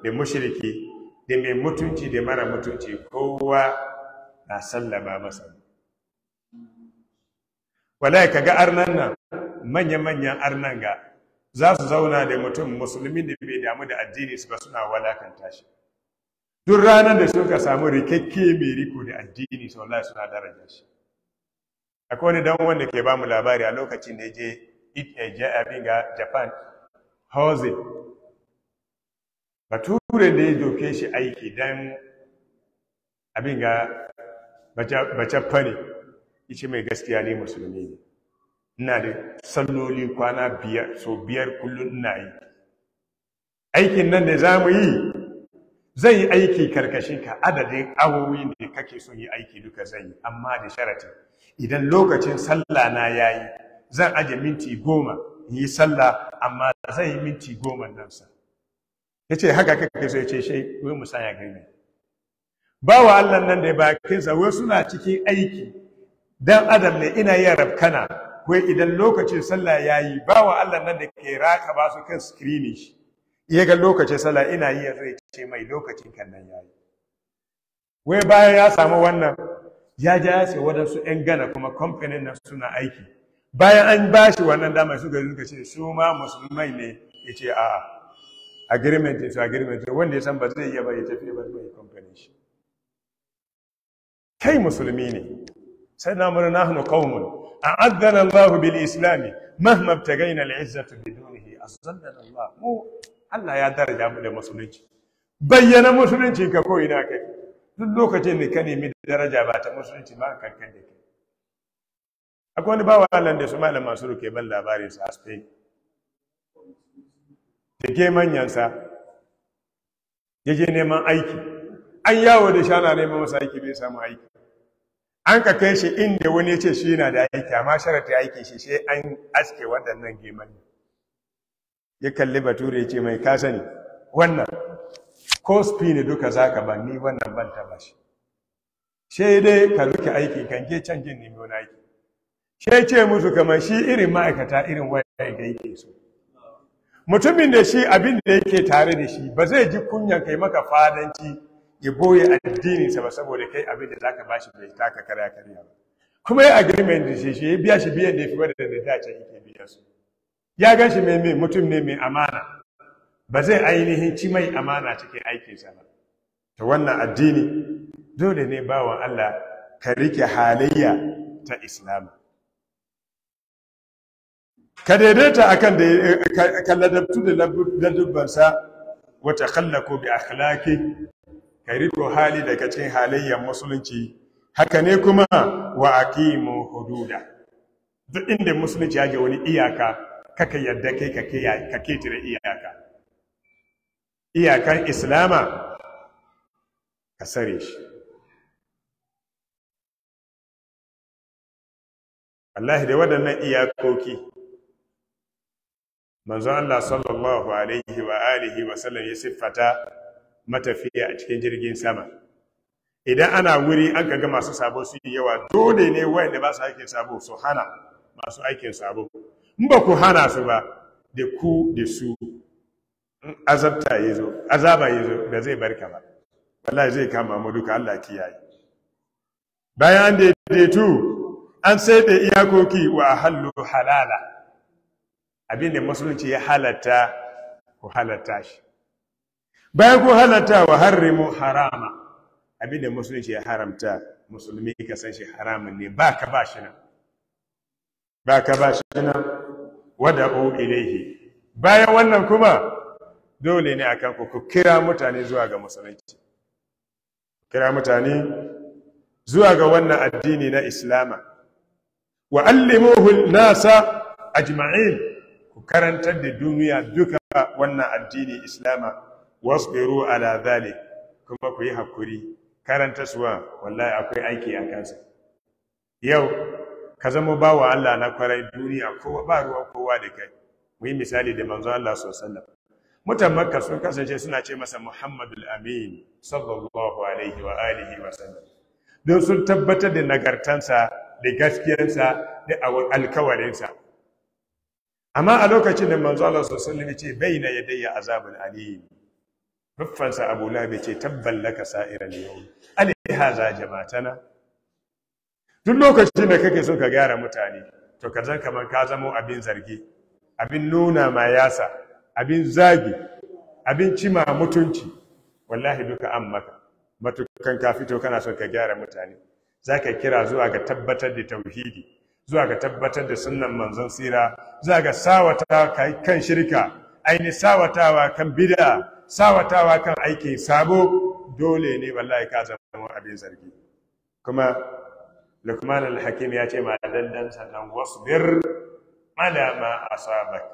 A: da mushriki da mai mutunci da mara mutunci kowa na sallaba masa ka ga arnan nan manya-manyan arnan ga za su zauna da mutum musulmi da bai damu da addini su ba suna walakanta shi duk ranar da suka samu rikakke mai riko da addini su Allah suna daraja shi akwai wani dan wanda ke ba mu labari a lokacin da je eh, je eh, abin ga japan housing bature da ya doke shi aiki dan abin ga bacappa ne ice mai gaskiya ne musulmi ne ina da salloli kwana biyar so biyar kullum na yi aikin nan da za mu yi zan yi aiki karkashin ka adadin awowin da kake son yi aiki duka zan yi amma da sharati idan lokacin sallah na yayi zan aje minti goma in yi sallah amma zan yi minti goma nan sa yace haka kake so yace shai wai musaya gani bawa Allah nan da bakin sa wai suna cikin aiki dan adam ne ina yin rabkana wai idan lokacin sallah yayi bawa Allah nan da ke raka ba su kan screening shi ya ga lokacin sallah ina yi zai ce mai lokacin kan nan yayi wai bayan ya samu wannan ya ja ya ce waɗansu ƴan gana kuma kamfanin nan suna aiki bayan an ba shi wannan damar suka yi suka ce su ma musulmai ne ya ce a'a agreement is agreement wanda ya san ba zai iya ba ya tafi ba zai kamfanin shi kai musulmi ne sai na mura hannu qaumun a'addana Allahu bil islami mahma btagaina al izzatu a azzallana Allah mu Allah ya daraja mu da musulunci bayyana musulunci ka ko ina kai duk lokacin da ka nemi daraja ba ta musulunci ba ka kan da kai akwai wani bawa Allah da su malam masu ruke ban labari su a Spain da ke manyansa ya je neman aiki an yawo da shi ana neman masa aiki bai samu aiki an ka kai shi inda wani ya ce shi yana da aiki amma sharafi aiki shi sai an aske waɗannan gemanin ya kalli bature ya ce mai kasani. ne wannan ko ne duka zaka ban ni wannan ban taba shi sai dai ka ruke aiki kan ke canjin nemi wani aiki sai ce musu kamar shi irin ma'aikata irin wanda da yake so mutumin da shi abin da yake tare da shi ba zai ji kunyan kai maka fadanci ya boye addininsa ba saboda kai abin da zaka bashi bai taka karya karya ba kuma ya agreement da shi shi ya biya shi biyan da ya fi wadda da dace yake ya gan shi mai mutum ne mai amana ba zai ainihin ci mai amana cikin aikinsa ba ta wannan addini dole ne bawan Allah ka rike halayya ta islam ka daidaita akan da ka ladabtu da ladabbansa wata kallako bi akhlaqi ka riko hali daga cikin halayyar musulunci haka ne kuma wa aqimu hududa duk inda musulunci ya ga wani iyaka kaka yadda kai ka ketare iyaka iyakan islama ka sare shi Allah da waɗannan iyakoki manzo Allah sallallahu alaihi wa alihi wa sallam ya siffata matafiya a cikin jirgin sama idan ana wuri an ga masu sabo su yawa dole ne wanda ba su aikin sabo su hana masu aikin sabo in ba ku hana su ba da ku da su azabta ya zo azaba ya zo da zai barka ba wallahi zai kama mu duka Allah kiyaye bayan da tu an sai da iyakoki wa halu halala abin da musulunci ya halatta ku halatta shi bayan ku halatta wa harrimu harama abin da musulunci ya haramta musulmi ka san shi haramun ne ba ka ba shi nan ba ka ba shi nan wada'u ilaihi bayan wannan kuma dole ne akan ku kira mutane zuwa ga musulunci kira mutane zuwa ga wannan addini na islama wa allimuhu nasa ajma'in ku karantar da duniya duka wannan addini islama wasbiru ala dhalik kuma ku yi hakuri karantaswa wallahi akwai aiki a kansa yau ka zama bawa Allah na kwarai duniya kowa ba ruwa kowa da kai mu yi misali da manzo Allah sallallahu
B: mutan makka sun
A: kasance suna ce masa muhammadul amin sallallahu alaihi wa alihi wa sallam don sun tabbatar da nagartansa da gaskiyarsa da alkawarinsa amma a lokacin da manzo Allah sallallahu alaihi ce baina yadayya azabul alim ruffansa abu labi ce tabballaka sa'iran yau alihaza jama'atana duk lokacin da kake so ka gyara mutane to ka zan kamar ka zamo abin zargi abin nuna ma yasa abin zagi abin cima mutunci wallahi duka an maka matukan ka fito kana so ka gyara mutane Za ka kira zuwa ga tabbatar da tauhidi zuwa ga tabbatar da sunnan manzon sira zuwa ga sawata kan shirka aini sawatawa kan bid'a sawatawa kan aikin sabo dole ne wallahi ka zama abin zargi kuma lukman al-hakim ya ce ma dandan sannan wasbir ala ma asabak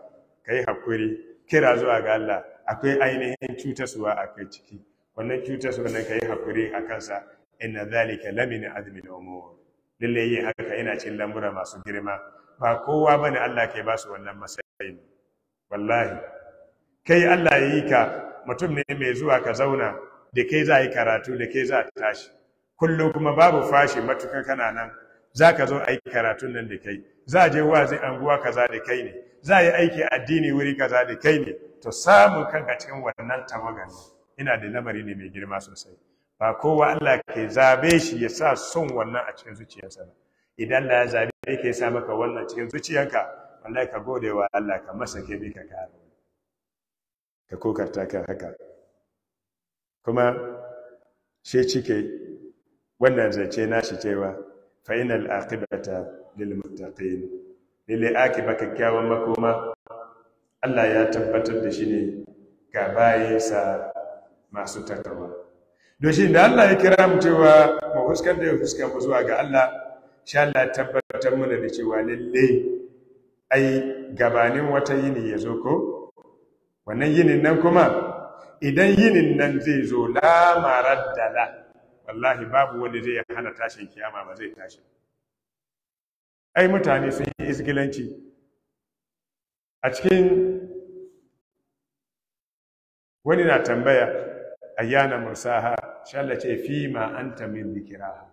A: kai hakuri kira zuwa ga Allah akwai ainihin cutaswa akwai ciki wannan cutaswa nan kai hakuri a kansa inna zalika lamin azmi al-umur lalle yi haka ina cin lamura masu girma ba kowa bane Allah ke ba su wannan matsayin wallahi kai Allah yayi ka mutum ne mai zuwa ka zauna da kai za yi karatu da kai za ta tashi Kullum kuma babu fashi matukan kana nan za ka zo aiki karatun nan da kai za a je wazin anguwa kaza da kai ne za a yi aiki addini wuri kaza da kai ne to samun kanka cikin wannan tawagan ina da lamari ne mai girma sosai ba kowa Allah ke zabe shi ya sa son wannan a cikin zuciyarsa ba idan Allah ya zabe ke sa maka wannan cikin zuciyarka wallahi ka gode wa Allah ka masa ke bi ka kare ka kokarta ka haka kuma shi cike wannan zance nashi cewa fa'inal aqibata lil muttaqin lille akiba kyakkyawan makoma Allah ya tabbatar da shi ne ga bayansa masu takawa don da Allah ya kira mu cewa mu huskar da fuska mu zuwa ga Allah sha Allah tabbatar mana da cewa lalle ai gabanin wata yini ya zo ko wannan yinin nan kuma idan yinin nan zai zo la maraddala wallahi babu wanda zai hana tashin kiyama ba zai tashi ai mutane sun yi isgilanci a cikin wani na tambaya ayyana mursaha ce fi ma anta min dhikra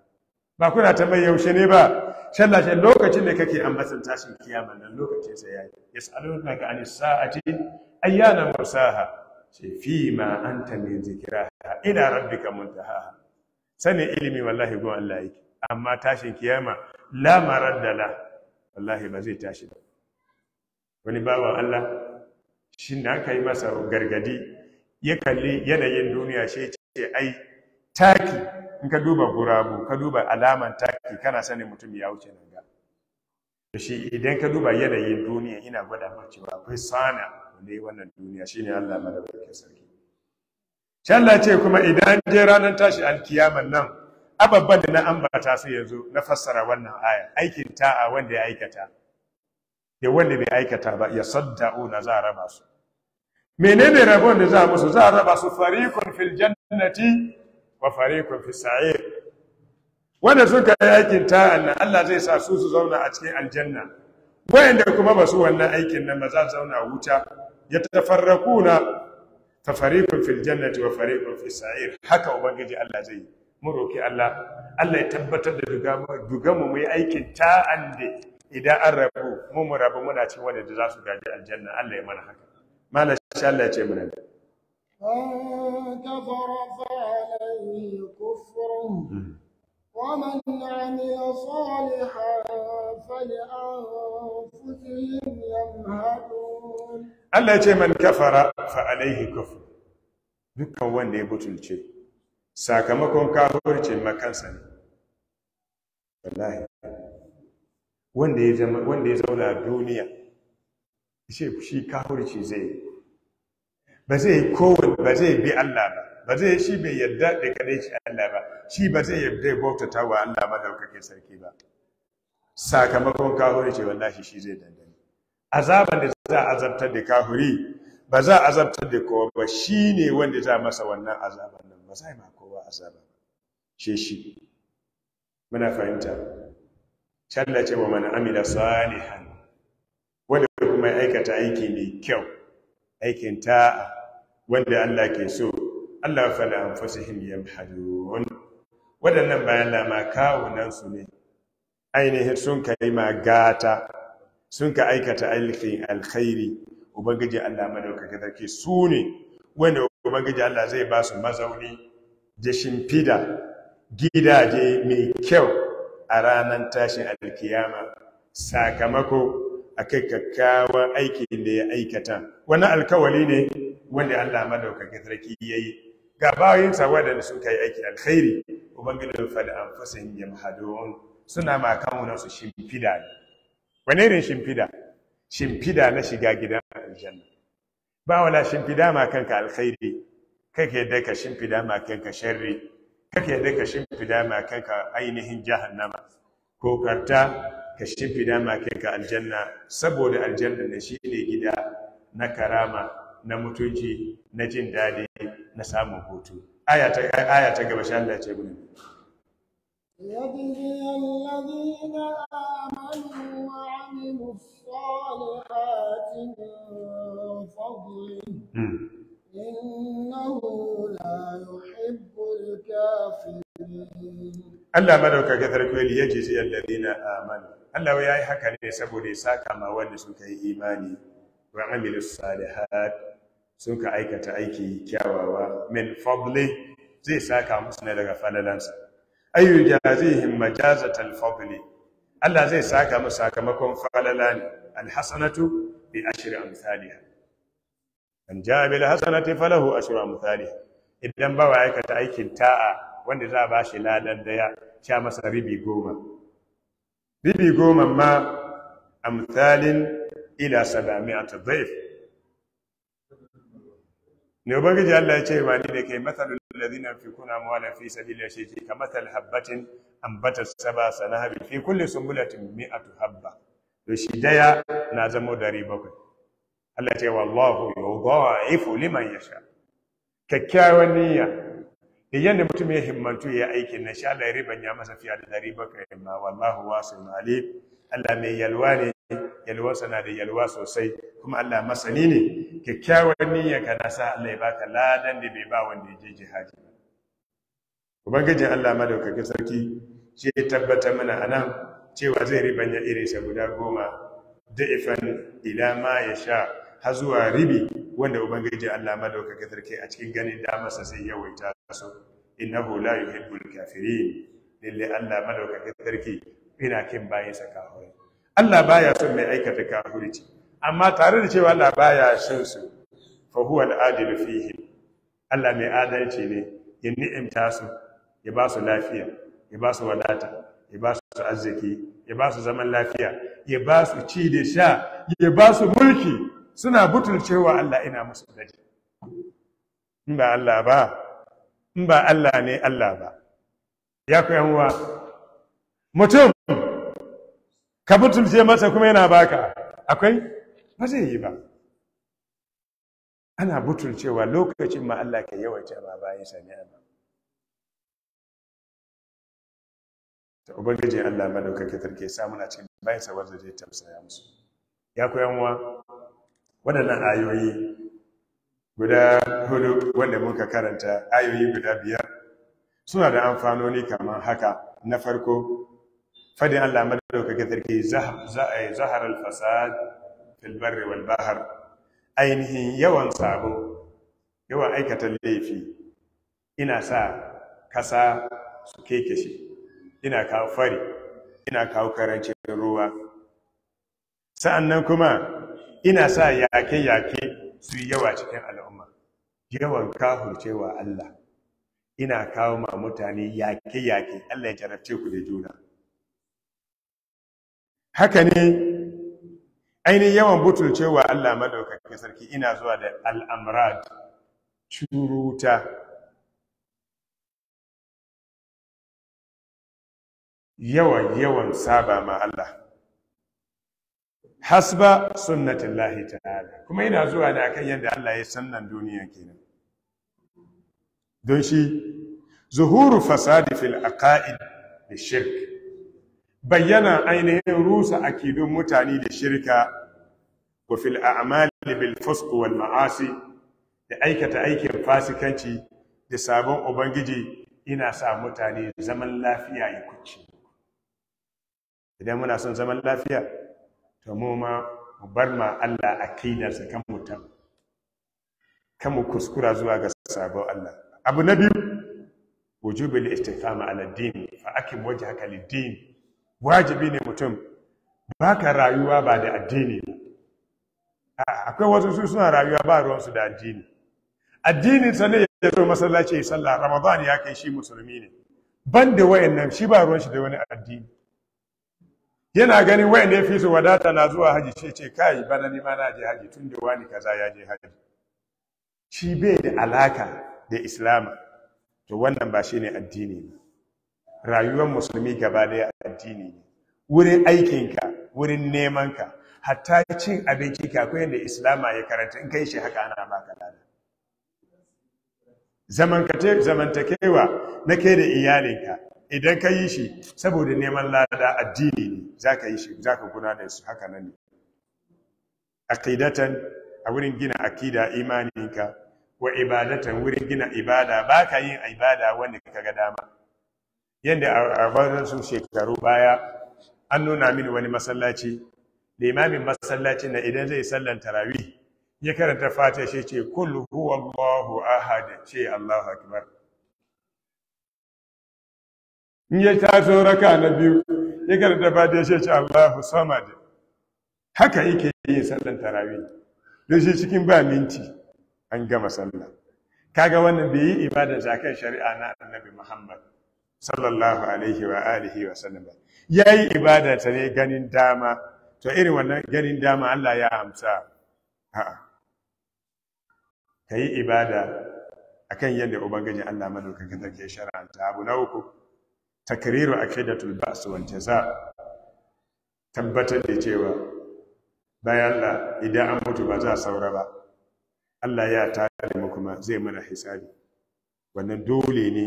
A: ba kuna tambaye yaushe ne ba Shalla ce lokacin da kake ambaton tashin kiyama nan lokacin sa yayi yasalunaka anis sa'ati ayyana mursaha ce fi ma anta min dhikra ila rabbika muntaha sanin ilimi wallahi go Allah yake amma tashin kiyama la maraddala wallahi ba zai tashi ba wani bawa Allah shi na aka yi masa gargadi ya kalli yanayin duniya shi ce ai taki in ka duba gurabu ka duba alaman taki kana sanin mutum ya wuce nan ga shi idan ka duba yanayin duniya ina gwada maka cewa akwai sana wanda wannan duniya shine Allah madaukakin sarki Allah ce kuma idan je ranar tashi alkiyaman nan ababban da na ambata sai ya zo na fassara wannan aya aikin ta'a wanda ya aikata ya wanda bai aikata ba ya sadda'una za a raba su menene rabon da za a musu za a raba su fariqun fil jannati wa fariqun fil sa'ir wanda sun kai aikin ta'a nan Allah zai sa su su zauna a cikin aljanna da kuma ba su wannan aikin nan ba za su zauna a wuta na. fa fariqun fil jannati wa fariqun sa'ir haka ubangiji Allah zai yi mu roki Allah Allah ya tabbatar da dugamu mu yi aikin ta'an da idan an rabu mu rabu muna cikin wanda da za su gaji aljanna Allah ya mana haka mana shi Allah ya ce mana
B: da ومن عمل صالحا فلأنفسهم يمهدون
A: Allah ce man kafara fa alaihi kufr dukkan wanda ya butulce sakamakon kafirce makansa ne wallahi wanda wanda ya zauna duniya shi shi kafirci zai ba zai kowa ba zai bi Allah ba ba zai shi bai yarda da kaɗai shi Allah ba shi ba zai yarda ya bautata wa Allah ba daukake sarki ba sakamakon kahuri ce wallahi shi zai dandani azaban da za a azabtar da kahuri ba za a azabtar da kowa ba shi ne wanda za masa wannan azaban nan ba za ma kowa azaba shi shi muna fahimta ce wa man amila salihan wanda kuma aikata aiki mai kyau aikin ta'a wanda Allah ke so Allah fala anfusihim yamhadun waɗannan bayan lama kawunan su ne ainihin sun kai magata sun ka aikata aikin alkhairi ubangiji Allah madaukaka take su ne wanda ubangiji Allah zai ba su mazauni da shimfida gidaje mai kyau a ranar tashin alkiyama sakamako akai kakkawan aikin da ya aikata Wani alkawali ne wanda Allah madaukaka sarki yayi ga bayinsa waɗanda suka yi aiki alkhairi ubangijin fada an fasin yamhadun suna ma kawunan su shimfida wane irin shimfida shimfida na shiga gidan aljanna ba wala shimfida ma kanka alkhairi kake da ka shimfida ma kanka sharri kake da ka shimfida ma kanka ainihin jahannama ko karta ka shimfida ma kanka aljanna saboda aljanna ne shine gida na karama na mutunci na jin daɗi na samun hutu aya ta gaba sha Allah ya ce mu
B: يجزي الذين آمنوا وعملوا الصالحات من فضله إنه لا يحب
A: Allah ya yi haka ne saboda ya sa kama wanda suka yi imani wa amilu salihat sun ka aikata aiki kyawawa min fadli zai saka musu ne daga falalansa
B: ayu jazihim
A: al fadli Allah zai saka musu sakamakon falalan al-hasanatu bi ashri amsalha an jaa bil hasanati falahu ashru amsalha idan bawa aikata aikin ta'a wanda za a bashi ladan daya sha masa ribi goma ribi goma ma amsalin ila 700 dhaif ne ubangiji Allah ya ce ba ni da kai matsalul ladina fi kuna mawala fi sabila shi ka matsal habbatin ambatar saba sanahabi fi kulle sumbulatin mi'atu habba to shi daya na zama dari bakwai Allah ya ce wallahu yudha'ifu liman yasha kyakkyawan niyya idan da mutum ya himmantu ya aikin na sha Allah ya ya masa fiye da dari bakwai ma wallahu wasu alim Allah mai yalwa ne yalwarsa na da yalwa sosai kuma Allah masani ne Kyakkyawar niyyar ka na sa Allah ya baka ladan da bai ba wanda ya je jihadi ubangijin Allah madaukakin sarki shi ya tabbata mana anan cewa zai ribanya sa guda goma da da'ifan ila ma ya sha har zuwa ribi wanda ubangiji Allah madaukakin sarki a cikin ganin damarsa sai yawaita su innahu la yuhibbul kafirin lalle Allah madaukakin sarki ina kin bayansa kafirai Allah baya son mai aikata kafirci amma tare da cewa Allah baya son su fa huwa al-adil fihi Allah mai adalci ne ya ni'imta su ya ba su lafiya ya ba su wadata ya ba su arziki ya ba su zaman lafiya ya ba su ci da sha ya ba su mulki suna butulcewa Allah ina musu daji in ba Allah ba in ba Allah ne Allah ba ya ku yan mutum ka mutunce masa kuma yana baka akwai ba zai yi ba ana mutuncewa lokacin ma Allah ka yawaita ma bayan sa ni'ama ta ubangiji Allah madaukake tarke sa muna cikin bayan sa wanda zai tamsaya musu ya ku yanwa waɗannan ayoyi guda hudu wanda muka karanta ayoyi guda biyar suna da amfanoni kamar haka na farko fadin Allah madaukakin sarki zahar al-fasad fil barri wal bahr ainihin yawan sabo yawan aikata laifi ina sa kasa su keke shi ina kawo fari ina kawo karancin ruwa sa'annan kuma ina sa yake-yake su yawa cikin al'umma yawan kahurcewa Allah ina kawo ma mutane yake-yake Allah ya jarabce ku da juna haka ne ainihin yawan butulcewa Allah madaukakin sarki ina zuwa da al'amrad curuta yawan yawan saba ma Allah hasba sunnatin lahi ta'ala kuma ina zuwa da kan yadda Allah ya sannan duniya kenan don shi zuhuru fasadi fil aqaid da shirk bayyana ainihin rusa akidun mutane da shirka wa fil a'mali bil fusq wal ma'asi da aikata aikin fasikanci da sabon ubangiji ina sa mutane zaman lafiya ya kuce idan muna son zaman lafiya to mu ma mu bar ma Allah akidarsa kan mutum kan mu kuskura zuwa ga sabon Allah abu na biyu wujubul istiqama ala din fa akim wajhaka lid din wajibi ne mutum ba ka rayuwa ba da addini ba akwai wasu su suna rayuwa ba ruwansu da addini addinin sa ne ya zo masallaci ya sallah ramadan ya kai shi musulmi ne ban da wayannan shi ba ruwan shi da wani addini
B: yana ganin wayan ya fi su
A: wadata na zuwa haji ce ce kai bana ni ma na je haji tun da wani kaza ya je haji shi bai da alaka da islam to wannan ba shi ne addini ba rayuwar musulmi gaba daya addini ne wurin aikinka wurin nemanka hatta cin abinci ka yadda islama ya karanta in kai shi haka ana baka lada zamantakewa na kai da iyalinka idan ka yi shi saboda neman lada addini ne za ka yi shi za ka guna da su haka nan akidatan a wurin gina akida imaninka wa ibadatan wurin gina ibada ba ka yin ibada wanda ka ga dama yadda a su shekaru baya an nuna mini wani masallaci limamin masallaci na idan zai sallan tarawi ya karanta fata shi ce kullu huwallahu ahad ce Allahu akbar in ya taso raka na biyu ya karanta fata shi ce Allahu samad haka yake yin sallan tarawi don shi cikin ba minti an gama sallah kaga wannan bai yi ibadar zakar shari'a na annabi Muhammad sallallahu alaihi wa alihi wa sallam yayi ibada ta ne ganin dama to irin wannan ganin dama Allah ya amsa kai ibada akan yadda ubangiji Allah madaukakin sarki ya shar'anta abu na uku takriru aqidatul ba's wal jaza tabbatar da cewa bayan Allah idan an mutu ba za a saura ba Allah ya tare mu kuma zai mana hisabi wannan dole ne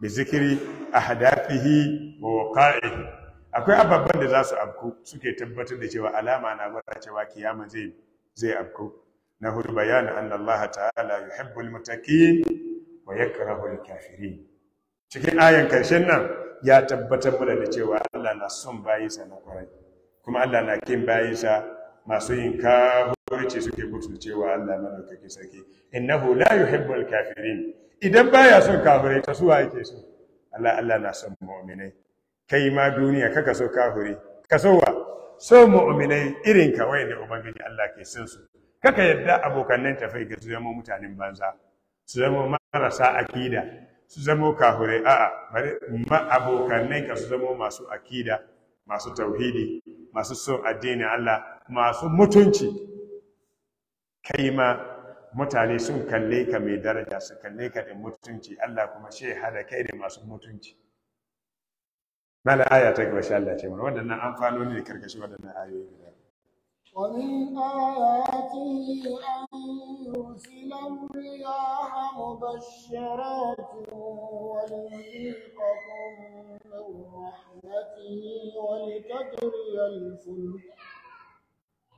A: bi zikiri ahdafihi wa waqa'ihi akwai ababban da za su abku suke tabbatar da cewa alama na gwada cewa kiyama zai zai abku na hudu bayanin anna Allah ta'ala yuhibbul muttaqin wa yakrahul kafirin cikin ayan karshen nan ya tabbatar mana da cewa Allah na son bayinsa na kwarai kuma Allah na kin bayinsa masu yin kafirci suke mutuncewa Allah madaukake sarki innahu la yuhibbul kafirin idan baya son kafirai ta suwa yake so Allah Allah na son mu'minai kai ma duniya kaka so kafiri ka so wa so mu'minai irin ka waye ne ubangiji Allah ke son su kaka yadda abokannin tafai ga su zama mutanen banza su zama marasa akida su zama kafirai a'a bari ma abokannin ka su zama masu akida masu tauhidi masu son addinin Allah masu mutunci kai ma mutane sun kalle ka mai daraja su kalle ka da mutunci Allah kuma shi hada kai da masu mutunci mala aya ta gaba shi Allah ce mana waɗannan amfanoni da karkashi waɗannan ayoyi guda
B: ومن آياته أن يرسل الرياح مبشرات وليذيقكم من رحمته ولتجري الفلك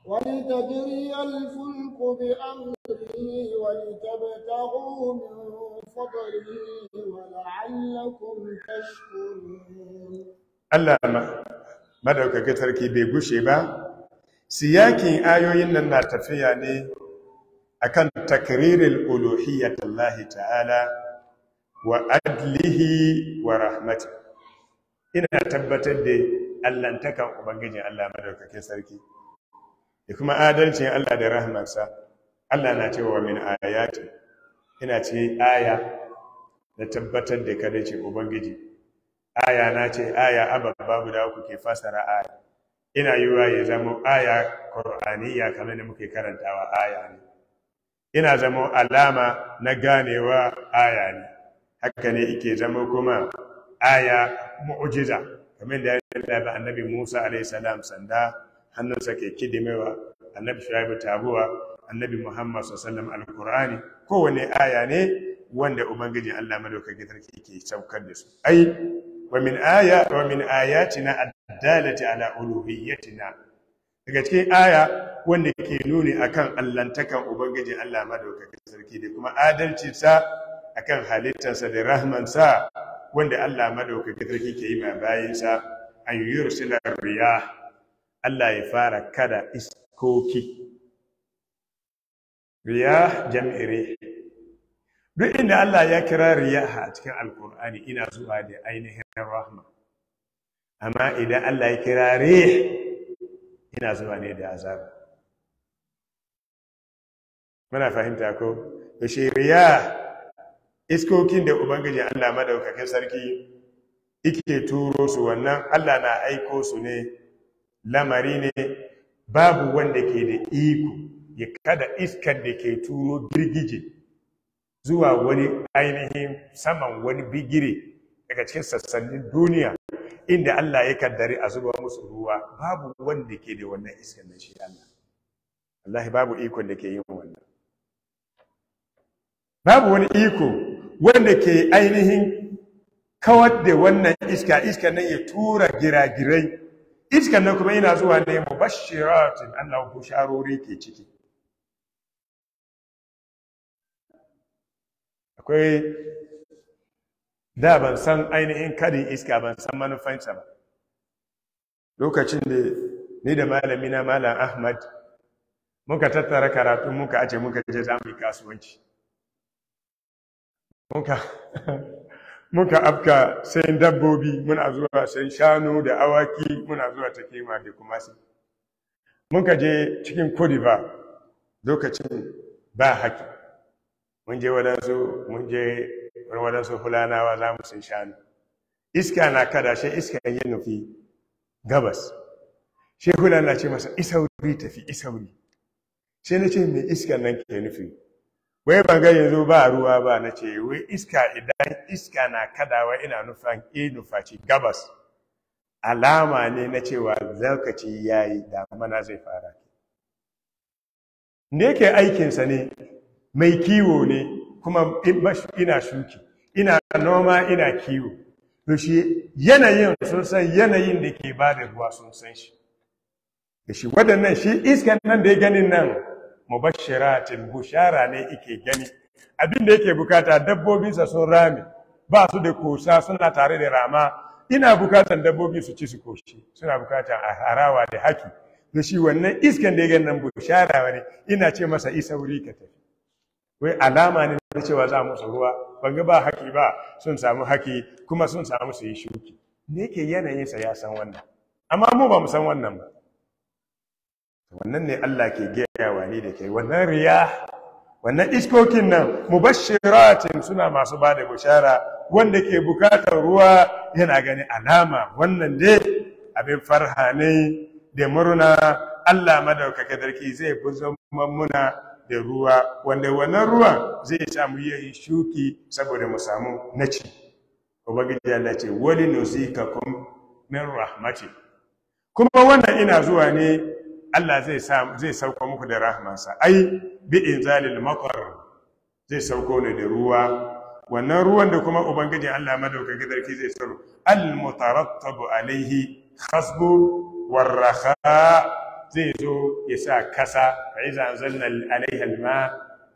B: ولتجري الفلك بأمره ولتبتغوا من فضله ولعلكم تشكرون
A: Allah madaukakin sarki bai gushe ba, siyakin ayoyin nan na tafiya ne akan takririn uluhiyyatallahi ta'ala wa adlihi wa rahmati. Ina tabbatar da allantakan Ubangijin Allah madaukakin sarki. da kuma adalcin Allah da rahmarsa Allah na cewa min ayati ina ce aya da tabbatar da kada ce ubangiji aya na ce aya ababa guda uku ke fasara aya ina yiwa ya zama aya qur'aniyya kamar da muke karantawa aya ne ina zama alama na ganewa aya ne haka ne ike zama kuma aya mu'jiza kamar da ya da annabi Musa alaihi salam sanda hannunsa ke kidimewa annabi shaibu tabuwa annabi muhammad sallallahu alkur'ani kowane aya ne wanda ubangiji allah madaukakin sarki ke saukar da su ai wa min aya wa min ayatina addalati ala uluhiyyatina daga cikin aya wanda ke nuni akan allantakan ubangiji allah madaukakin sarki da kuma adalcinsa akan halittarsa da rahmansa wanda allah madaukakin sarki ke yi ma bayinsa an yursila riyah Allah ya fara kada iskoki riya jam'ire duk inda Allah ya kira riya a cikin alkur'ani ina zuwa da ainihin rahma amma idan Allah ya kira riya ina zuwa ne da azab muna fahimta ko to shi riya iskokin da ubangiji Allah madaukakin sarki yake turo su wannan Allah na aiko su ne lamari ne babu wanda ke da iko ya kada iskar da ke turo girgije zuwa wani ainihin saman wani bigire daga cikin sassanin duniya inda Allah ya kaddare a zuba musu ruwa babu wanda ke da wannan iskar na shi Allah Allah babu ikon da ke yin wannan babu wani iko wanda ke ainihin kawar da wannan iska iska nan ya tura gira-girai iskan nan kuma yana zuwa ne bashiratin Allah ko sharori ke ciki akwai da ban san ainihin karin iska ban san manufansa ba lokacin da ni da malami na malam Ahmad muka tattara karatu muka aje muka je zamu kasuwanci muka [laughs] muka afka sayan dabbobi muna zuwa sayan shanu da awaki muna zuwa ta kema da kuma su muka je cikin kodiva lokacin ba haki mun je wadansu mun je wadansu za mu sun shanu iska na kada shi iska yin nufi gabas shi hulana ce masa isauri tafi isauri sai na ce mai iska nan ke nufi wai ban gan yanzu ba ruwa ba na ce wai iska idan iska na kadawa ina nufan e, nufaci gabas alama ne na cewa zarkaci ya yi damana zai fara ne ke aikinsa ne mai kiwo ne kuma ina shuki ina noma ina kiwo to shi yanayin sun san yanayin da ke ba da ruwa sun san shi da shi waɗannan shi iskan nan da ya ganin nan mubashiratin bushara ne ike gani abin da yake bukata dabbobinsa sun rame ba su da kosa suna tare da rama ina bukatan dabbobi su ci su koshi suna bukatan harawa da haki da shi wannan iskan da ya gani nan bushara wani ina ce masa isa wuri ka tafi wai alama ne na cewa za musu ruwa ban ga ba haki ba sun samu haki kuma sun samu su yi shuki Me ke yanayinsa ya san wannan amma mu ba mu san wannan ba wannan ne Allah ke gayawa ne da kai wannan riya wannan iskokin nan mubashiratin suna masu ba da bushara wanda ke bukatar ruwa yana gani alama wannan ne abin farha ne da murna Allah madaukaka darki zai buzo muna da ruwa wanda wannan ruwa zai samu yayi shuki saboda mu samu naci ubangiji Allah ce wali nusikakum min rahmati kuma wannan ina zuwa ne Allah zai sauko muku da rahmansa ai bi'in zalil matar zai sauko ne da ruwa wannan ruwan da kuma ubangiji Allah madaukakin sarki zai tsaro al mutarattabu alaihi khasbu warraha zai zo ya sa kasa fa'iza anzalna alaiha alma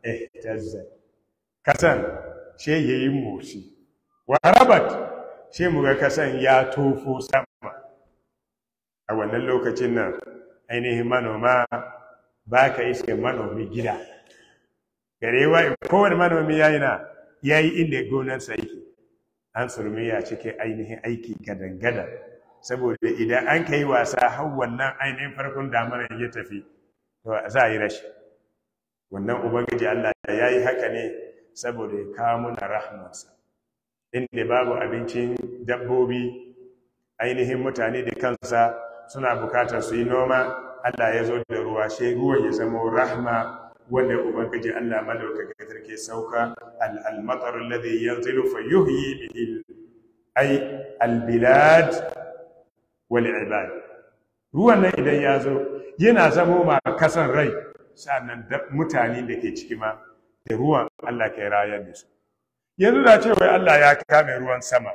A: ihtazza kasan she yayi motsi warabat rabat she muga kasan ya tofo sama a wannan lokacin nan ainihin manoma ba ka iske manomi gida garewa kowane manomi ya yi na ya yi inda gonarsa yake an surmi ya cike ainihin aiki gadan saboda idan an ka yi wasa har wannan ainihin farkon damar ya tafi to za a yi rashi wannan ubangiji allah ya yi haka ne saboda ya kawo muna rahmansa inda babu abincin dabbobi ainihin mutane da kansa suna bukatar su yi noma Allah ya zo da ruwa shi ruwan ya zama rahma wanda ubangiji Allah malaukaka ke sauka al-matar alladhi yanzilu fa yuhyi bihi ay al-bilad wal ibad ruwan nan idan ya zo yana zama ma kasan rai sanan mutane da ke ciki ma da ruwan Allah ke rayar da su yanzu da cewa Allah ya kame ruwan sama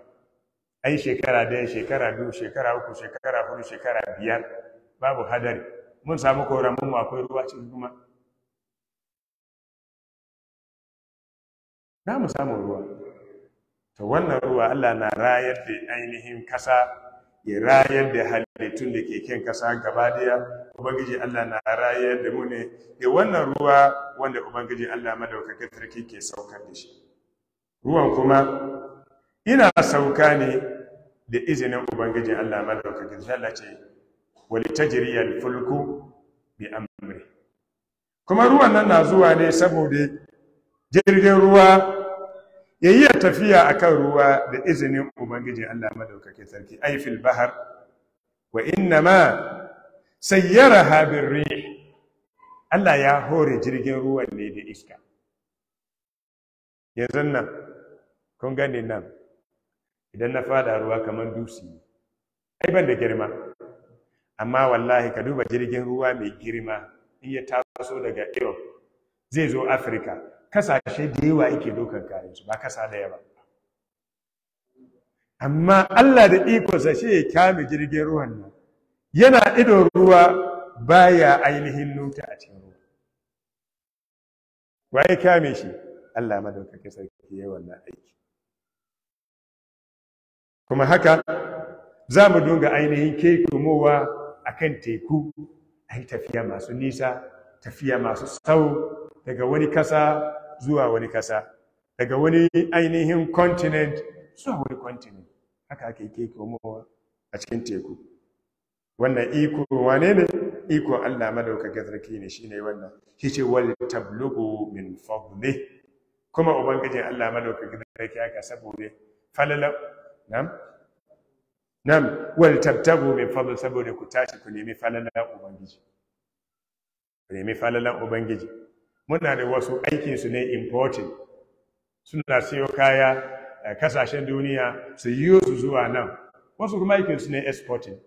A: ai shekara daya shekara biyu shekara uku shekara hudu shekara biyar babu hadari mun samu koramin mu akwai ruwa cikin kuma za mu samu ruwa Ta wannan ruwa Allah na rayar da ainihin kasa ya rayar da halittun da ke kyan kasa gaba daya ubangiji Allah na rayar da mu ne da wannan ruwa wanda ubangiji Allah madaukakin sarki ke saukar da shi ruwan kuma ina sauka ne da izinin ubangijin Allah madaukakin sai Allah ce wali fulku bi amri kuma ruwan nan na zuwa ne saboda jirgin ruwa yayi tafiya akan ruwa da izinin ubangijin Allah madaukakin sarki ay fil bahr wa ma sayyaraha bir rih Allah ya hore jirgin ruwan ne da iska yanzu nan kun gani nan idan na fada ruwa kamar dutse ai ban da girma amma wallahi ka duba jirgin ruwa mai girma in ya taso daga Europe zai zo Afirka kasashe da yawa yake dokan kayan su ba kasa da yawa amma Allah da ikonsa shi ya kyame jirgin ruwan nan yana idon ruwa baya ainihin nuta a cikin ruwa waye kame shi Allah madaukakin sarki yayin wannan aiki kuma haka za mu dunga ainihin kekumowa a kan teku a yi tafiya masu nisa tafiya masu sau daga wani kasa zuwa wani kasa daga wani ainihin continent zuwa wani continent haka ake kekumowa a cikin teku wannan iko wane ne iko Allah madauka gazarki ne shine wannan ce wal tablugu min fadli kuma ubangijin Allah madauka gazarki aka saboda falala Nan na'am wal tabtagu min fadl saboda ku tashi ku nemi falalan ubangiji ku nemi falalan ubangiji muna da wasu aikin su ne importin, suna siyo kaya kasashen duniya su yi su zuwa nan wasu kuma aikin su ne exporting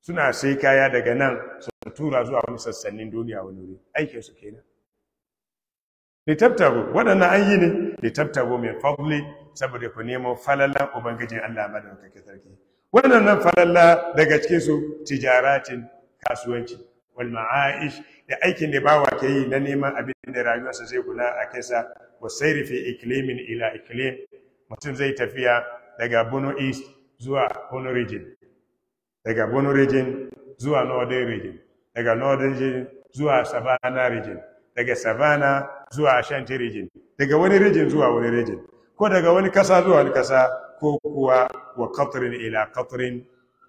A: suna sai kaya daga nan su tura zuwa wani sassanin duniya wani wuri aikin su kenan litabtabu waɗannan an yi ne litabtabu min fadli saboda ku nemo falalan ubangijin Allah madaukakin sarki wannan falalla daga cikin su tijaratin kasuwanci wal ma'aish da aikin da bawa ke yi na neman abin da rayuwarsa zai kula a kansa wa sayri fi iklimin ila iklim mutum zai tafiya daga Bono East zuwa Bono Region daga Bono Region zuwa Northern Region daga Northern Region zuwa Savannah Region daga Savannah zuwa Ashanti Region daga wani region zuwa wani region ko daga wani kasa zuwa wani kasa ko kuwa wa katrin ila katrin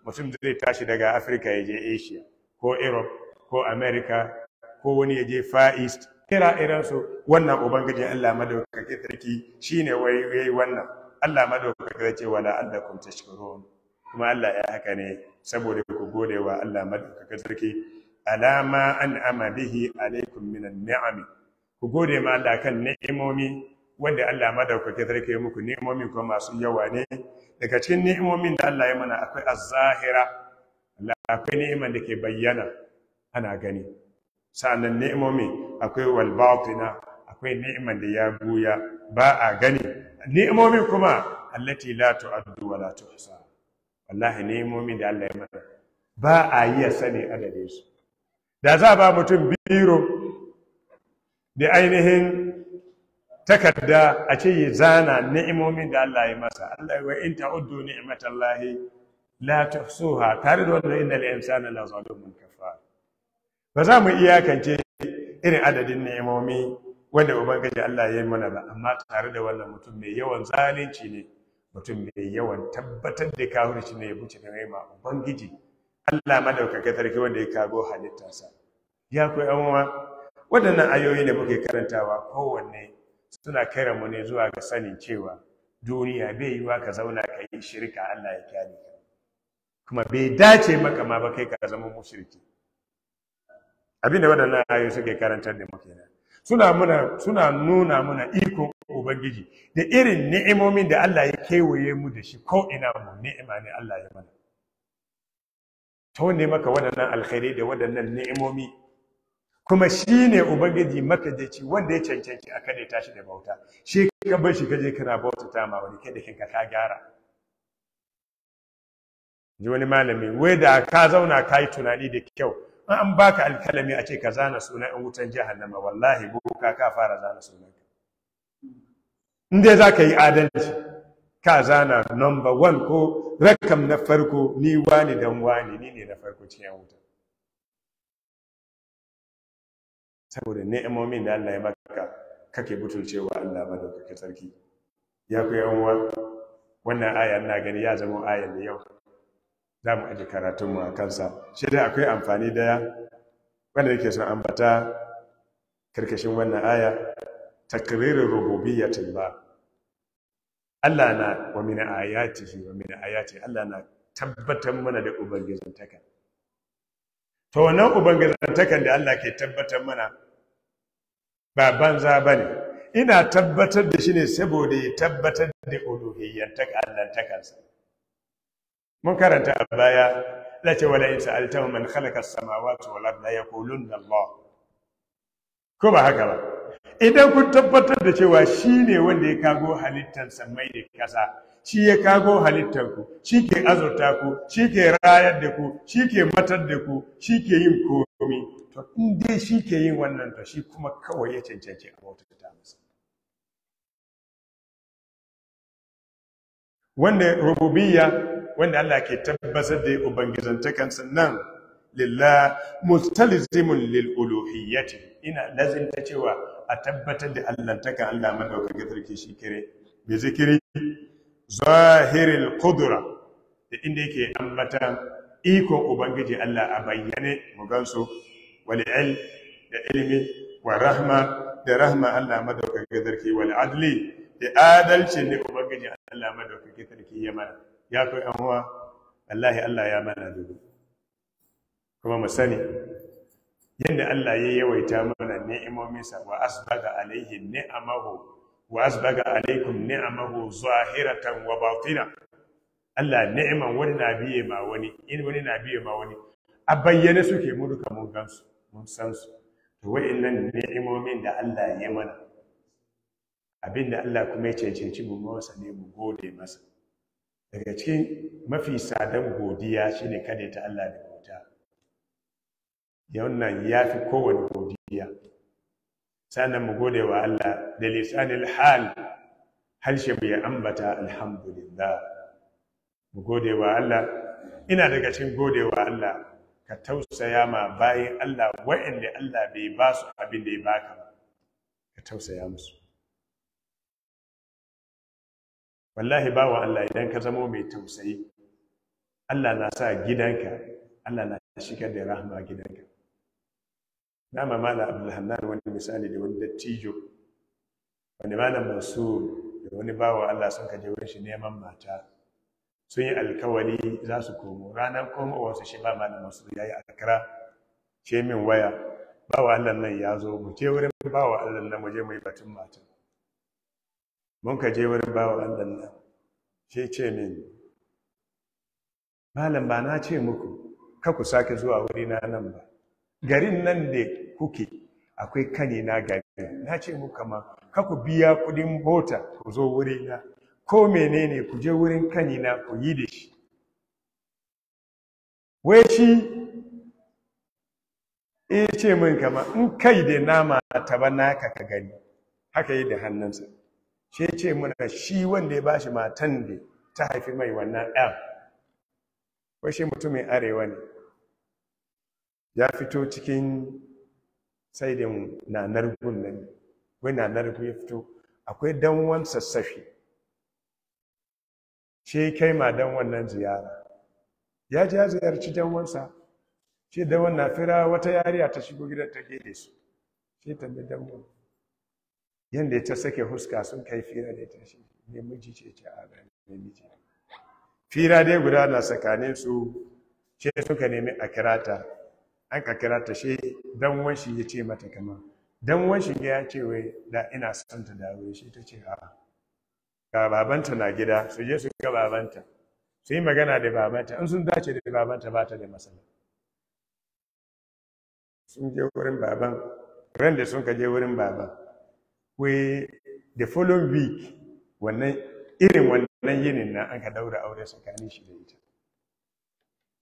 A: mutum zai tashi daga Afirka ya je Asia ko Europe ko America ko wani ya je Far East kira iran su wannan ubangiji Allah madaukake sarki shine wai yayi wannan Allah madaukake zai ce wala allakum tashkurun kuma Allah ya haka ne saboda ku gode wa Allah madaukake sarki alama an bihi alaikum minan ni'ami ku gode ma Allah kan ni'imomi wanda Allah madaukake sarki ya muku ni'imomin kuma masu yawa ne daga cikin ni'imomin da Allah ya mana akwai az-zahira akwai ni'iman da ke bayyana ana gani Sannan ni'imomi akwai wal batina akwai ni'iman da ya buya ba a gani ni'imomin kuma allati la tu'addu wa la tuhsa wallahi ni'imomi da Allah ya mana ba a yi sani adadin su da za ba mutum biro da ainihin takarda a ce ya zana ni'imomin da Allah ya masa Allah wa in ta'uddu ni'matallahi la tuhsuha tare da wannan innal insana la zalimun kafar ba za mu iyakance irin adadin ni'imomi wanda ubangiji Allah ya yi mana ba amma tare da wannan mutum mai yawan zalunci ne mutum mai yawan tabbatar da kafirci ne ya buce da ma ubangiji Allah madaukaka sarki wanda ya kago halittarsa ya ku yan uwa waɗannan ayoyi ne muke karantawa kowanne suna kare mu ne zuwa ga sanin cewa duniya bai wa ka zauna ka yi shirka Allah ya kyale ka kuma bai dace maka ma ba kai ka zama mushriki da waɗannan ayoyi suke karantar da mu kenan suna muna suna nuna muna iko ubangiji da irin ni'imomin da Allah ya kewaye mu da shi ko ina mu ni'ima ne Allah ya mana to ne maka waɗannan alkhairi da waɗannan ni'imomi kuma shi ne ubangiji mafadaci wanda ya cancanci a kan ya tashi da bauta shi ka bar shi ka je kana bauta ta ma wani kada kanka ka gyara ji wani malami wai da ka zauna ka yi tunani da kyau an baka alkalami a ce ka zana suna in wutan jahannama wallahi boka ka fara zana suna in dai za ka yi adalci ka zana number one ko rakam na farko ni wani dan wani ni ne na farko cikin wutan saboda ni'imomin da Allah ya baka kake butulcewa Allah madaukake sarki ya ku yawan wannan ayar na gani ya zama ayar da yau za mu aji karatunmu a kansa shi dai akwai amfani daya wanda yake son ambata karkashin wannan aya takririn rububiyyatin ba Allah na wa min ayatihi wa min ayati Allah na tabbatar mana da ubangijin taka to wannan ubangijin takan da Allah ke tabbatar mana ba banza ba ne ina tabbatar da shi ne saboda ya tabbatar da uluhiyyantar allantakarsa mun karanta a baya lace wala in sa'alta man khalaqa as-samawati wal arda yaquluna Allah ko ba haka ba idan kun tabbatar da cewa shi ne wanda ya kago halittar samai da kasa shi ya kago halittar ku shi ke azurta ku shi ke rayar da ku shi ke matar da ku shi ke yin komi to in dai shi ke yin wannan to shi kuma kawai ya cancanci a ta masa wanda rububiyya wanda Allah ke tabbatar da ubangijantakan sannan lillah mustalizimun lil uluhiyyati ina ta cewa a tabbatar da allantaka Allah madaukakin sarki shi kire bi zikiri zahiril qudra da inda yake ambata ikon ubangiji Allah a bayyane mu gansu wal’il da ilimi wa rahma da rahma Allah madaukar gizarki wal adli da adalci ne ubangiji Allah madaukar gizarki ya mana ya fi an Allah wallahi Allah ya mana dubu kuma mu sani yadda Allah ya yawaita mana ni'imominsa wa asbaga alaihi ni'amahu wa asbaga alaikun ni'amahu zahiratan wa bautina Allah ni'iman wani na biye ma wani in wani na biye ma wani a bayyane suke mu duka mun gansu mun san su to wa'annan ni'imomin da Allah ya mana abinda Allah kuma ya cancanci mu masa ne mu gode masa daga cikin mafi sadan godiya shine kada ta Allah da bauta wannan yafi kowane godiya sannan mu gode wa Allah da lisanil hal harshe mu ya ambata alhamdulillah mu gode wa Allah ina daga cikin gode wa Allah ka tausaya ma bayan Allah waɗanda Allah bai ba su abin da ya baka ba ka tausaya musu wallahi ba wa Allah idan ka zamo mai tausayi Allah na sa gidanka Allah na shigar da rahama gidanka na mamala abdulhannan wani misali da wani dattijo wani malam masu da wani bawa Allah sun kaje wurin shi neman mata sun yi alkawari za su komo ranar wasu shi ba malam masu ya yi akara ce min waya ba wa allan nan ya zo mu je wurin ba wa allan nan mu je mu yi batun matan mun ka je wurin ba wa allan nan shi ce min malam ba na ce muku ka ku sake zuwa wurina nan ba garin nan da kuke akwai kane na gari na ce muka ma ka ku biya kudin mota ku zo wurina ko menene ku je wurin kanina ku yi da shi wai shi in ce min kama in kai da nama ta ba naka ka gani haka yi da hannunsa shi ce mana shi wanda ya bashi matan da ta haifi mai wannan ɗan wai shi mutumin arewa ne ya fito cikin saidin nanar gun nan wai nanar ya fito akwai danwan sassafi shi kai ma dan wannan ziyara ya ji ya ziyarci dan wansa shi dan wannan fira wata yariya ta shigo gidan ta gede su shi ta bi dan yadda ya ta sake huska sun kai fira da ta shi ne miji ce ce a gani ne miji fira dai guda na tsakanin su ce suka nemi a kirata an ka kirata shi dan wanshi ya ce mata kama dan wanshi ya ce wai da ina son ta dawo shi ta ce a'a ga babanta na gida su je su ga babanta su yi magana da babanta in sun dace da babanta ba ta da matsala sun je wurin baban ran da sun ka wurin baban we the following week wannan irin wannan yinin na an ka daura aure tsakanin shi da ita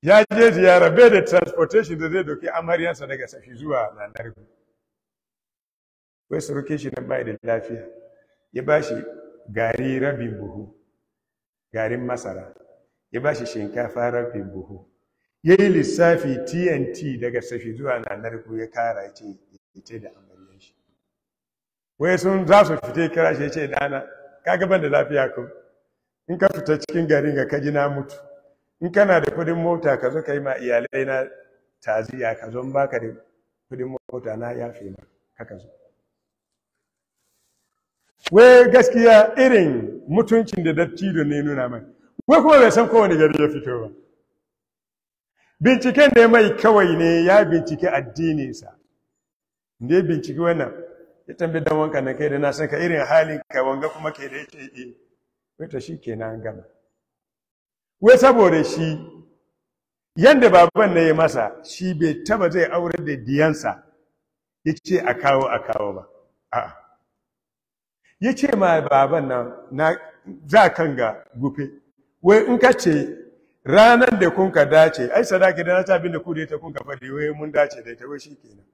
A: ya je ziyara bai da transportation da zai doki amaryarsa daga safi zuwa nanar wai surukin shi na bai da lafiya ya ba shi gari rabin buhu garin masara ya ba shi shinkafa rabin buhu ya yi lissafi tnt daga safi zuwa na narko ya kara ya ce ce da amaryar shi wai sun za su fite kira shi ce dana ka gaban da lafiya ku in ka fita cikin garin ga kaji na mutu in kana da kudin mota ka zo ka yi ma iyalai na taziya ka zo baka da kudin mota na yafe na, haka zo wai gaskiya irin mutuncin da da ne nuna mai wai kuma bai san kowane gari ya fito ba binciken da ya mai kawai ne ya bincike addininsa da ya binciki wannan ya tambi dan wanka na kai da na san ka irin halin ka wanga kuma kai da yake yi ta shi kenan gama wai saboda shi yadda baban na yi masa shi bai taba zai aure da diyansa ya ce a kawo a kawo ba a'a ya ce ma baban nan na za kan ga gufe wai in ka ce ranar da kun ka dace ai sadaki da na ta abin da ku da ita kun ka da wai mun dace da ita wai shi kenan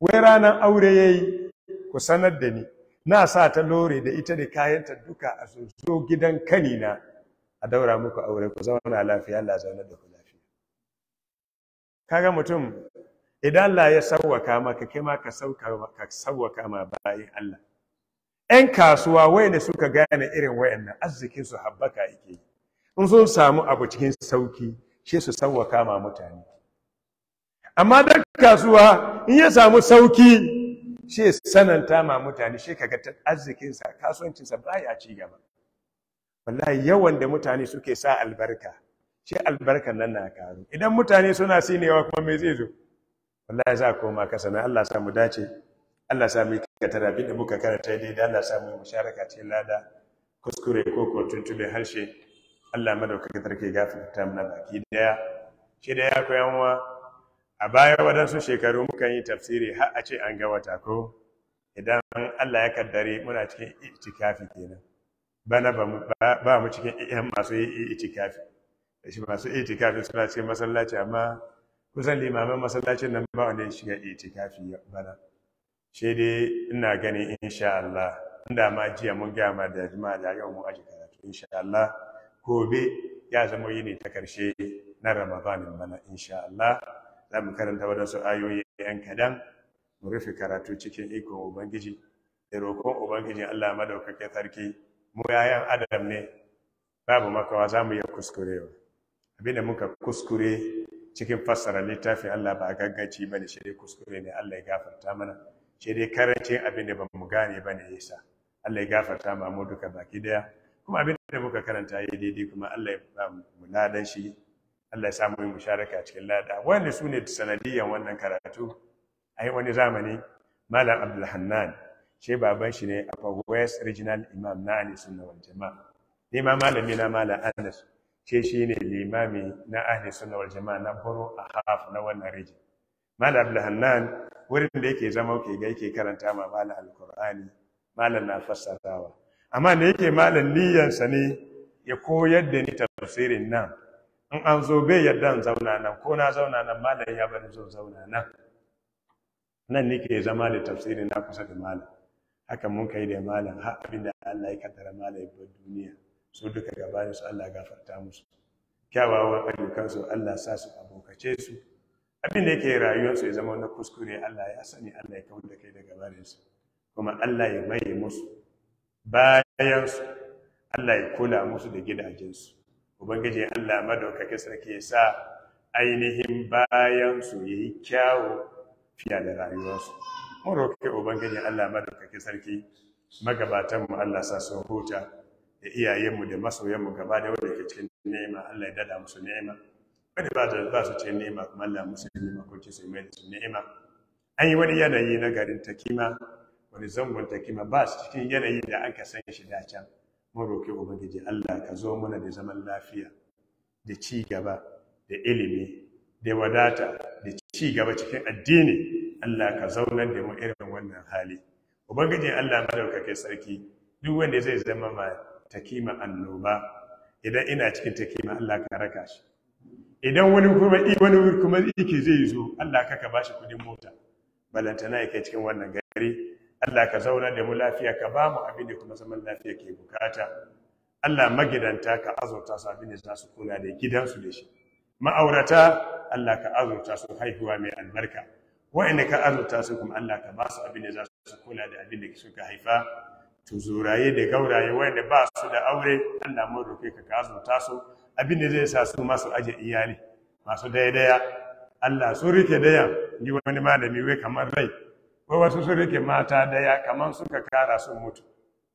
A: wai ranar aure ya yi ku sanar da ni na sa ta lore da ita da kayanta duka a soso gidan kanina a daura muku aure ku zauna lafiya Allah zauna da ku lafiya kaga mutum idan Allah ya sauwaka maka kai ma ka sauwaka ma bayan Allah 'yan kasuwa wayanda suka gane irin wayannan arzikin su habbaka yake in sun samu abu cikin sauki shi su sauwaka ma mutane amma don kasuwa in ya samu sauki shi sananta ma mutane shi kaga arzikin sa kasuwancin sa baya ci gaba wallahi yawan da mutane suke sa albarka shi albarkan nan na karu idan mutane suna sinewa kuma me zai zo wallahi za a koma kasa na Allah sa mu dace Allah sami ka tara abin da muka karanta dai da Allah sami musharaka ce lada kuskure ko ko tuntube harshe Allah madaukakin sarki gafarta mana baki daya shi da ya koyan wa a baya wadansu shekaru muka yi tafsiri har a ce an ga wata ko idan Allah ya kaddare muna cikin itikafi kenan bana ba mu cikin iyan masu itikafi shi masu itikafi suna cikin masallaci amma kusan limamin masallacin nan ba wanda ya shiga itikafi bana shi dai ina gani insha Allah inda ma jiya mun gama da jima da yau mun aji karatu insha Allah gobe ya zama yini ta karshe na Ramadanin bana insha Allah za mu karanta wadansu ayoyi yan kadan mu rufe karatu cikin ikon ubangiji da roƙon ubangiji Allah madaukakin sarki mu yayan adam ne babu makawa za mu yi kuskurewa abinda muka kuskure cikin fassara littafin Allah ba a gaggaci ba ne shi kuskure ne Allah ya gafarta mana shi dai karancin abin da ba mu gane ba ne yasa Allah ya gafarta ma mu duka baki daya kuma abin da muka karanta yi daidai kuma Allah ya ba mu ladan shi Allah ya sa mu yi musharaka cikin lada wanda su ne sanadiyan wannan karatu A yi wani zamani malam Abdul Hannan shi baban shi ne a West Regional Imam na Ali Sunna wal Jama'a ni ma malami na malam Anas shi shine limami na Ali Sunna wal Jama'a na Boro a Haf na wannan region mal abdulhannan wurin da yake zama ke ga yake karanta ma malam alqur'ani malam na fassarawa amma da yake malam niyyansa ne ya koyar da ni tafsirin nan in an zo bai yadda zauna nan ko na zauna nan malam ya bar zo zauna nan nan nike zama da tafsirin na kusa da malam haka mun kai da malam har abinda da Allah ya kaddara malam ya bar duniya su duka gabanin su Allah gafarta musu kyawawan ayyukansu Allah sa su abokace su abin da yake rayuwarsu ya zama na kuskure Allah ya sani Allah ya kawo da kai daga barinsu kuma Allah ya maye musu bayansu Allah ya kula musu da gidajensu ubangiji Allah madaukakin sarki ya sa ainihin bayansu ya yi kyawo fiye da rayuwarsu mun roƙi ubangiji Allah madaukakin sarki magabatanmu Allah sa sun huta da iyayenmu da masoyanmu gaba da wanda ke cikin ni'ima Allah ya dada musu ni'ima wani ba su ce nema kuma Allah musulmi makonci su mai da su nema? an yi wani yanayi na garin takima wani zangon takima ba su cikin yanayi da aka san shi da can mun roƙi ubangiji Allah ka zo mana da zaman lafiya da ci gaba da ilimi da wadata da ci gaba cikin addini Allah ka zaunar da mu irin wannan hali ubangiji Allah madaukake sarki duk wanda zai zama ma takima annoba idan ina cikin takima Allah ka raka shi idan wani kuma wani kuma yake zai zo Allah ka ka shi kudin mota balantana yake cikin wannan gari Allah ka zauna da mu lafiya ka ba mu abin da kuma zaman lafiya ke bukata Allah magidanta ka azurta su abin da za su kula da gidansu da shi ma'aurata Allah ka azurta su haihuwa mai albarka wa'anda ka azurta su kuma Allah ka ba su abin da za su kula da abin da suka haifa tuzuraye da gauraye wa'anda ba su da aure Allah mun rufe ka ka azurta su abin da zai sa su masu aje iyali masu daidaya Allah sun rike daya yi wani malami wai kamar rai ko wasu sun rike mata daya kamar suka kara su mutu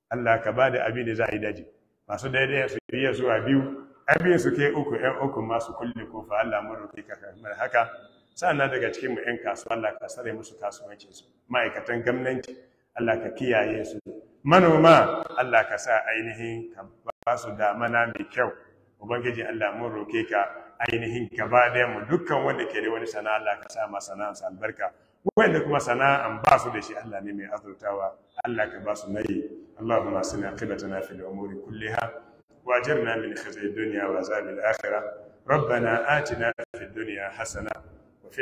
A: Allah ka bada abin da za yi daji masu daidaya su iya zuwa biyu abin su ke uku yan uku masu kulle fa Allah mun rufe ka kamar haka sannan daga cikin mu yan kasuwa Allah ka sare musu kasuwancin su ma'aikatan gwamnati Allah ka kiyaye su manoma Allah ka sa ainihin ka ba su damana mai kyau ubangiji Allah mun roke ka ainihin gaba daya mu dukkan wanda ke da wani sana'a Allah ka sa ma sa albarka wanda kuma sana'an ba su da shi Allah ne mai azurtawa Allah ka ba su nayi Allahumma sina aqibatana fil umuri kulliha wajirna min khizyi dunya wa azabil ربنا آتنا في الدنيا حسنة وفي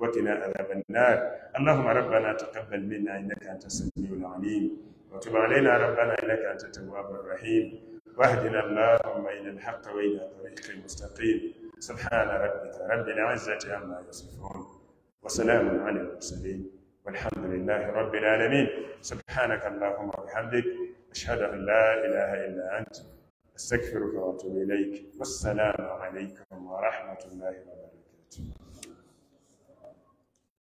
A: وقنا عذاب النار اللهم ربنا تقبل منا السميع العليم وتب علينا ربنا التواب الرحيم واهدنا اللهم إلى الحق وإلى طريق المستقيم سبحان ربك رب العزة عما يصفون وسلام على المرسلين والحمد لله رب العالمين سبحانك اللهم وبحمدك أشهد أن لا إله إلا أنت أستغفرك وأتوب إليك والسلام عليكم ورحمة الله وبركاته